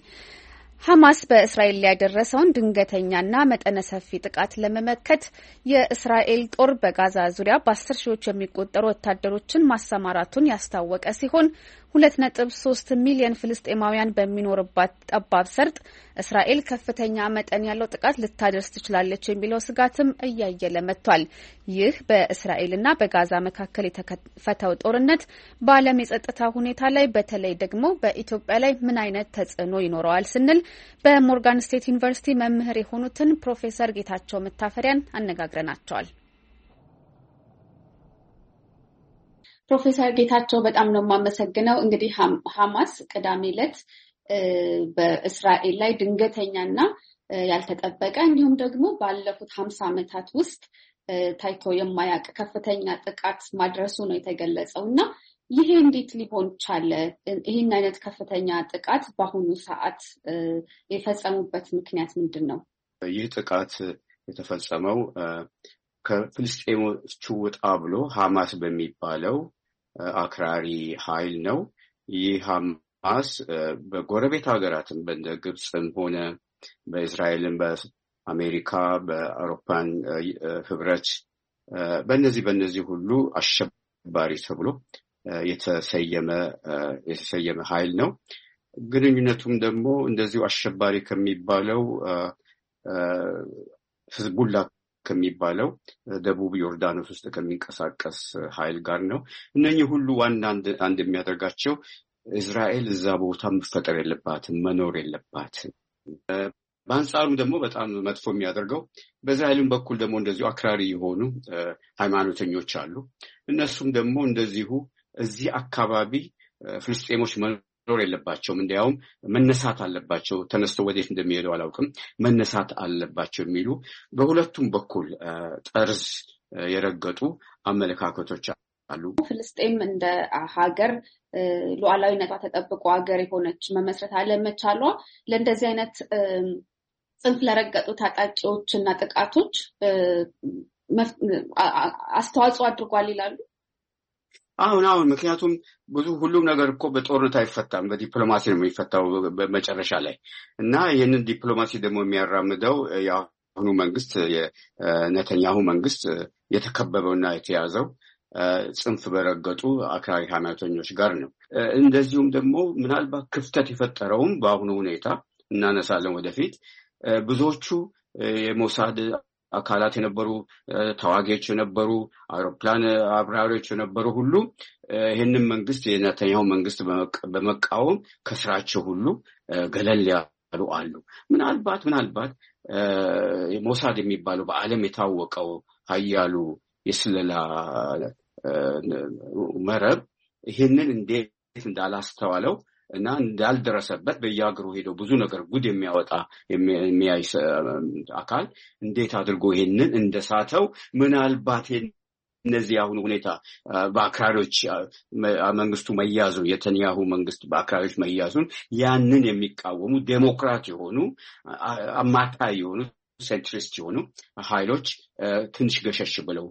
ሐማስ በእስራኤል ላይ ያደረሰውን ድንገተኛና መጠነ ሰፊ ጥቃት ለመመከት የእስራኤል ጦር በጋዛ ዙሪያ በአስር ሺዎች የሚቆጠሩ ወታደሮችን ማሰማራቱን ያስታወቀ ሲሆን ሁለት ነጥብ ሶስት ሚሊየን ፍልስጤማውያን በሚኖርባት ጠባብ ሰርጥ እስራኤል ከፍተኛ መጠን ያለው ጥቃት ልታደርስ ትችላለች የሚለው ስጋትም እያየለ መጥቷል። ይህ በእስራኤልና በጋዛ መካከል የተከፈተው ጦርነት በዓለም የጸጥታ ሁኔታ ላይ በተለይ ደግሞ በኢትዮጵያ ላይ ምን አይነት ተጽዕኖ ይኖረዋል ስንል በሞርጋን ስቴት ዩኒቨርሲቲ መምህር የሆኑትን ፕሮፌሰር ጌታቸው መታፈሪያን አነጋግረናቸዋል። ፕሮፌሰር ጌታቸው በጣም ነው የማመሰግነው። እንግዲህ ሀማስ ቅዳሜ ዕለት በእስራኤል ላይ ድንገተኛና ያልተጠበቀ እንዲሁም ደግሞ ባለፉት ሀምሳ ዓመታት ውስጥ ታይቶ የማያውቅ ከፍተኛ ጥቃት ማድረሱ ነው የተገለጸው እና ይሄ እንዴት ሊሆን ቻለ? ይህን አይነት ከፍተኛ ጥቃት በአሁኑ ሰዓት የፈጸሙበት ምክንያት ምንድን ነው? ይህ ጥቃት የተፈጸመው ከፍልስጤሞቹ ውጣ ብሎ ሀማስ በሚባለው አክራሪ ኃይል ነው። ይህ ሐማስ በጎረቤት ሀገራትም በእንደ ግብፅም ሆነ በእስራኤልም፣ በአሜሪካ፣ በአውሮፓን ህብረት በእነዚህ በእነዚህ ሁሉ አሸባሪ ተብሎ የተሰየመ ኃይል ነው። ግንኙነቱም ደግሞ እንደዚሁ አሸባሪ ከሚባለው ህዝቡላ ከሚባለው ደቡብ ዮርዳኖስ ውስጥ ከሚንቀሳቀስ ኃይል ጋር ነው። እነኚህ ሁሉ ዋና አንድ የሚያደርጋቸው እስራኤል እዛ ቦታ መፈጠር የለባትም መኖር የለባትም። በአንጻሩ ደግሞ በጣም መጥፎ የሚያደርገው በእስራኤልም በኩል ደግሞ እንደዚሁ አክራሪ የሆኑ ሃይማኖተኞች አሉ። እነሱም ደግሞ እንደዚሁ እዚህ አካባቢ ፍልስጤሞች መኖር የለባቸውም። እንዲያውም መነሳት አለባቸው። ተነስቶ ወዴት እንደሚሄደው አላውቅም፣ መነሳት አለባቸው የሚሉ በሁለቱም በኩል ጠርዝ የረገጡ አመለካከቶች አሉ። ፍልስጤም እንደ ሀገር ሉዓላዊነቷ ተጠብቆ ሀገር የሆነች መመስረት አለመቻሏ ለእንደዚህ አይነት ጽንፍ ለረገጡ ታጣቂዎች እና ጥቃቶች አስተዋጽኦ አድርጓል ይላሉ። አሁን አሁን ምክንያቱም ብዙ ሁሉም ነገር እኮ በጦርነት አይፈታም፣ በዲፕሎማሲ ነው የሚፈታው በመጨረሻ ላይ እና ይህንን ዲፕሎማሲ ደግሞ የሚያራምደው የአሁኑ መንግስት የነተኛሁ መንግስት የተከበበውና የተያዘው ጽንፍ በረገጡ አክራሪ ሀማተኞች ጋር ነው። እንደዚሁም ደግሞ ምናልባት ክፍተት የፈጠረውም በአሁኑ ሁኔታ እናነሳለን ወደፊት ብዙዎቹ የሞሳድ አካላት የነበሩ ተዋጊዎች የነበሩ አውሮፕላን አብራሪዎች የነበሩ ሁሉ ይህንን መንግስት የነተኛው መንግስት በመቃወም ከስራቸው ሁሉ ገለል ያሉ አሉ። ምናልባት ምናልባት ሞሳድ የሚባለው በዓለም የታወቀው ሀያሉ የስለላ መረብ ይህንን እንዴት እንዳላስተዋለው እና እንዳልደረሰበት በየሀገሩ ሄደው ብዙ ነገር ጉድ የሚያወጣ የሚያይ አካል እንዴት አድርጎ ይሄንን እንደሳተው ምናልባት እነዚህ አሁን ሁኔታ በአክራሪዎች መንግስቱ መያዙ የተንያሁ መንግስት በአክራሪዎች መያዙን ያንን የሚቃወሙ ዴሞክራት የሆኑ አማካይ የሆኑት ሴንትሪስት የሆኑ ኃይሎች ትንሽ ገሸሽ ብለው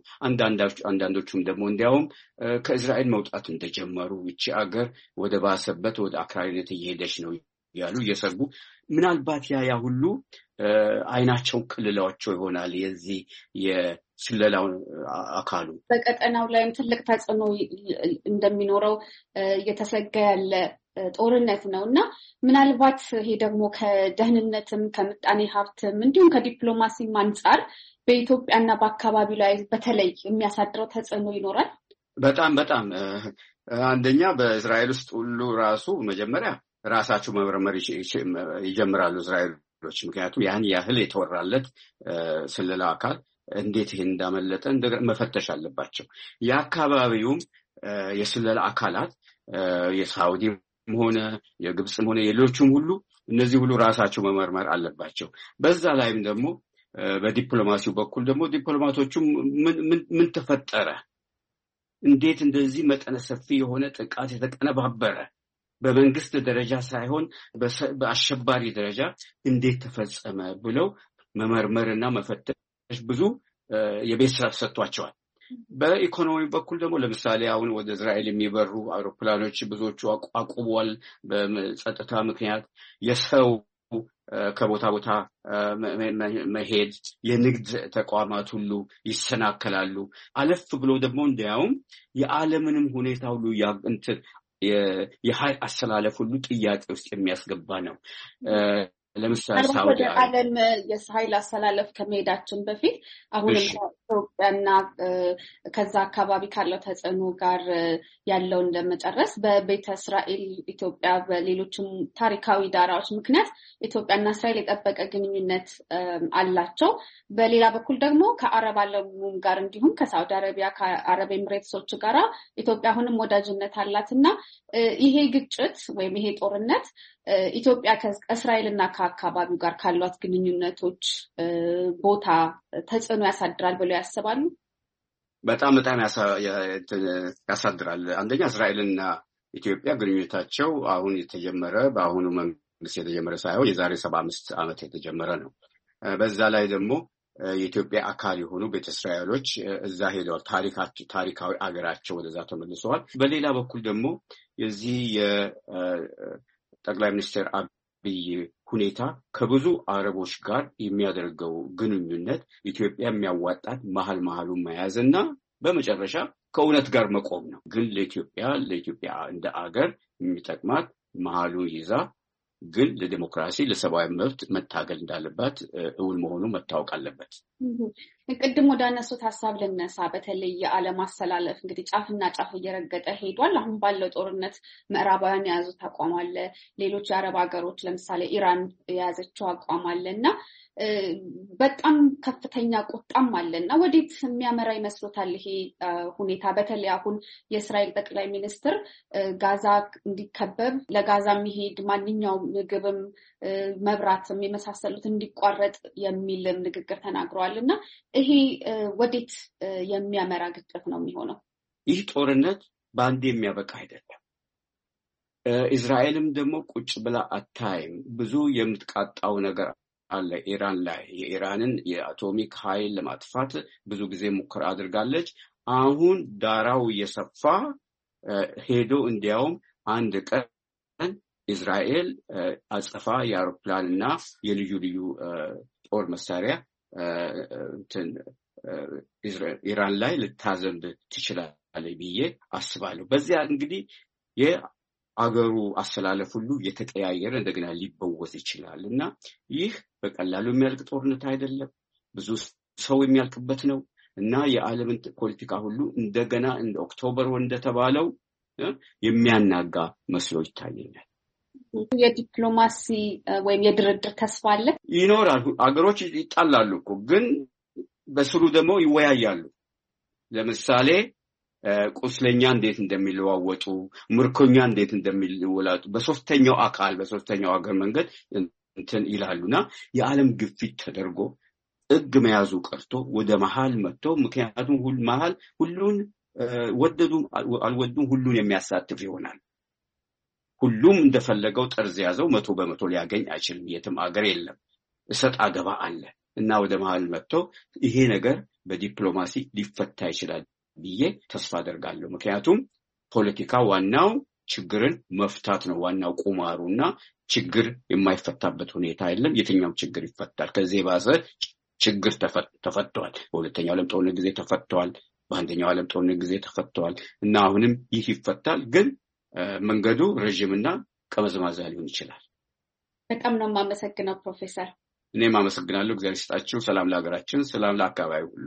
አንዳንዶቹም ደግሞ እንዲያውም ከእስራኤል መውጣት እንደጀመሩ ይቺ አገር ወደ ባሰበት ወደ አክራሪነት እየሄደች ነው ያሉ እየሰጉ ምናልባት ያ ያ ሁሉ አይናቸው ክልላቸው ይሆናል። የዚህ የስለላው አካሉ በቀጠናው ላይም ትልቅ ተጽዕኖ እንደሚኖረው እየተሰጋ ያለ ጦርነት ነው እና ምናልባት ይሄ ደግሞ ከደህንነትም ከምጣኔ ሀብትም እንዲሁም ከዲፕሎማሲም አንጻር በኢትዮጵያና በአካባቢ ላይ በተለይ የሚያሳድረው ተጽዕኖ ይኖራል። በጣም በጣም አንደኛ በእስራኤል ውስጥ ሁሉ ራሱ መጀመሪያ ራሳቸው መመርመር ይጀምራሉ እስራኤሎች። ምክንያቱም ያን ያህል የተወራለት ስለላ አካል እንዴት ይህን እንዳመለጠ መፈተሽ አለባቸው። የአካባቢውም የስለላ አካላት የሳውዲ ሆነ የግብፅም ሆነ የሌሎችም ሁሉ እነዚህ ሁሉ ራሳቸው መመርመር አለባቸው። በዛ ላይም ደግሞ በዲፕሎማሲው በኩል ደግሞ ዲፕሎማቶቹ ምን ተፈጠረ፣ እንዴት እንደዚህ መጠነ ሰፊ የሆነ ጥቃት የተቀነባበረ በመንግስት ደረጃ ሳይሆን በአሸባሪ ደረጃ እንዴት ተፈጸመ ብለው መመርመርና መፈተሽ ብዙ የቤት ስራ ተሰጥቷቸዋል። በኢኮኖሚ በኩል ደግሞ ለምሳሌ አሁን ወደ እስራኤል የሚበሩ አውሮፕላኖች ብዙዎቹ አቁሟል። በጸጥታ ምክንያት የሰው ከቦታ ቦታ መሄድ የንግድ ተቋማት ሁሉ ይሰናከላሉ። አለፍ ብሎ ደግሞ እንዲያውም የዓለምንም ሁኔታ ሁሉ የኃይል አሰላለፍ ሁሉ ጥያቄ ውስጥ የሚያስገባ ነው። ለምሳሌ ወደ ዓለም የሀይል አሰላለፍ ከመሄዳችን በፊት አሁንም ኢትዮጵያና ከዛ አካባቢ ካለው ተጽዕኖ ጋር ያለውን ለመጨረስ በቤተ እስራኤል ኢትዮጵያ በሌሎችም ታሪካዊ ዳራዎች ምክንያት ኢትዮጵያና እስራኤል የጠበቀ ግንኙነት አላቸው። በሌላ በኩል ደግሞ ከአረብ ዓለሙም ጋር እንዲሁም ከሳውዲ አረቢያ ከአረብ ኤምሬትሶች ጋራ ኢትዮጵያ አሁንም ወዳጅነት አላት እና ይሄ ግጭት ወይም ይሄ ጦርነት ኢትዮጵያ እና ከአካባቢው ጋር ካሏት ግንኙነቶች ቦታ ተጽዕኖ ያሳድራል ብለው ያስባሉ? በጣም በጣም ያሳድራል። አንደኛ እስራኤልና ኢትዮጵያ ግንኙነታቸው አሁን የተጀመረ በአሁኑ መንግስት የተጀመረ ሳይሆን የዛሬ ሰባ አምስት ዓመት የተጀመረ ነው። በዛ ላይ ደግሞ የኢትዮጵያ አካል የሆኑ ቤተ እስራኤሎች እዛ ሄደዋል። ታሪካዊ አገራቸው ወደዛ ተመልሰዋል። በሌላ በኩል ደግሞ የዚህ የጠቅላይ ሚኒስትር አብ ብዬ ሁኔታ ከብዙ አረቦች ጋር የሚያደርገው ግንኙነት ኢትዮጵያ የሚያዋጣት መሀል መሀሉን መያዝና በመጨረሻ ከእውነት ጋር መቆም ነው። ግን ለኢትዮጵያ ለኢትዮጵያ እንደ አገር የሚጠቅማት መሀሉ ይዛ ግን ለዲሞክራሲ ለሰብአዊ መብት መታገል እንዳለባት እውን መሆኑ መታወቅ አለበት። ቅድም አነሱት ሀሳብ ልነሳ። በተለይ የዓለም አሰላለፍ እንግዲህ ጫፍና ጫፍ እየረገጠ ሄዷል። አሁን ባለው ጦርነት ምዕራባውያን የያዙት አቋም አለ። ሌሎች የአረብ ሀገሮች ለምሳሌ ኢራን የያዘችው አቋም አለ እና በጣም ከፍተኛ ቁጣም አለ እና ወዴት የሚያመራ ይመስሎታል ይሄ ሁኔታ? በተለይ አሁን የእስራኤል ጠቅላይ ሚኒስትር ጋዛ እንዲከበብ ለጋዛ የሚሄድ ማንኛውም ምግብም፣ መብራትም የመሳሰሉት እንዲቋረጥ የሚልም ንግግር ተናግረዋል እና ይሄ ወዴት የሚያመራ ግጭት ነው የሚሆነው? ይህ ጦርነት በአንድ የሚያበቃ አይደለም። እስራኤልም ደግሞ ቁጭ ብላ አታይም። ብዙ የምትቃጣው ነገር አለ ኢራን ላይ የኢራንን የአቶሚክ ኃይል ለማጥፋት ብዙ ጊዜ ሙከራ አድርጋለች። አሁን ዳራው እየሰፋ ሄዶ እንዲያውም አንድ ቀን እስራኤል አጸፋ የአውሮፕላን እና የልዩ ልዩ ጦር መሳሪያ ኢራን ላይ ልታዘንብ ትችላለች ብዬ አስባለሁ። በዚያ እንግዲህ አገሩ አሰላለፍ ሁሉ የተቀያየረ እንደገና ሊበወዝ ይችላል እና ይህ በቀላሉ የሚያልቅ ጦርነት አይደለም። ብዙ ሰው የሚያልቅበት ነው እና የዓለምን ፖለቲካ ሁሉ እንደገና እንደ ኦክቶበር እንደተባለው የሚያናጋ መስሎ ይታየኛል። የዲፕሎማሲ ወይም የድርድር ተስፋ አለ ይኖራል። አገሮች ይጣላሉ እኮ ግን በስሩ ደግሞ ይወያያሉ። ለምሳሌ ቁስለኛ እንዴት እንደሚለዋወጡ፣ ምርኮኛ እንዴት እንደሚወላጡ በሶስተኛው አካል በሶስተኛው ሀገር መንገድ እንትን ይላሉና የዓለም ግፊት ተደርጎ እግ መያዙ ቀርቶ ወደ መሀል መጥቶ ምክንያቱም መሀል ሁሉን ወደዱም አልወዱም ሁሉን የሚያሳትፍ ይሆናል። ሁሉም እንደፈለገው ጠርዝ ያዘው መቶ በመቶ ሊያገኝ አይችልም። የትም አገር የለም። እሰጥ አገባ አለ እና ወደ መሀል መጥቶ ይሄ ነገር በዲፕሎማሲ ሊፈታ ይችላል ብዬ ተስፋ አደርጋለሁ። ምክንያቱም ፖለቲካ ዋናው ችግርን መፍታት ነው። ዋናው ቁማሩ እና ችግር የማይፈታበት ሁኔታ የለም። የትኛው ችግር ይፈታል። ከዚህ የባሰ ችግር ተፈተዋል። በሁለተኛው ዓለም ጦርነት ጊዜ ተፈተዋል። በአንደኛው ዓለም ጦርነት ጊዜ ተፈተዋል እና አሁንም ይህ ይፈታል። ግን መንገዱ ረዥምና ቀመዝማዛ ሊሆን ይችላል። በጣም ነው የማመሰግነው ፕሮፌሰር። እኔም አመሰግናለሁ። እግዚአብሔር ይስጣችሁ። ሰላም ለሀገራችን፣ ሰላም ለአካባቢ ሁሉ።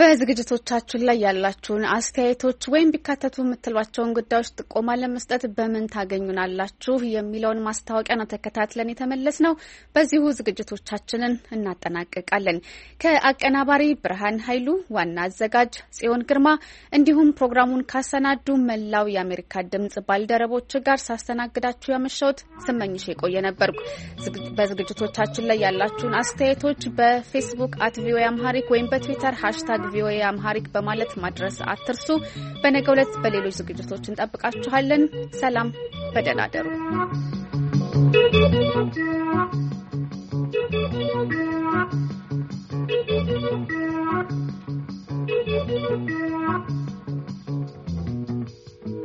በዝግጅቶቻችን ላይ ያላችሁን አስተያየቶች ወይም ቢካተቱ የምትሏቸውን ጉዳዮች ጥቆማ ለመስጠት በምን ታገኙናላችሁ የሚለውን ማስታወቂያ ነው ተከታትለን የተመለስ ነው። በዚሁ ዝግጅቶቻችንን እናጠናቅቃለን። ከአቀናባሪ ብርሃን ኃይሉ፣ ዋና አዘጋጅ ጽዮን ግርማ እንዲሁም ፕሮግራሙን ካሰናዱ መላው የአሜሪካ ድምጽ ባልደረቦች ጋር ሳስተናግዳችሁ ያመሻውት ስመኝሽ የቆየ ነበርኩ። በዝግጅቶቻችን ላይ ያላችሁን አስተያየቶች በፌስቡክ አት ቪኦኤ አምሃሪክ ወይም በትዊተር ሃሽታግ አት ቪኦኤ አምሃሪክ በማለት ማድረስ አትርሱ። በነገ ዕለት በሌሎች ዝግጅቶች እንጠብቃችኋለን። ሰላም፣ በደህና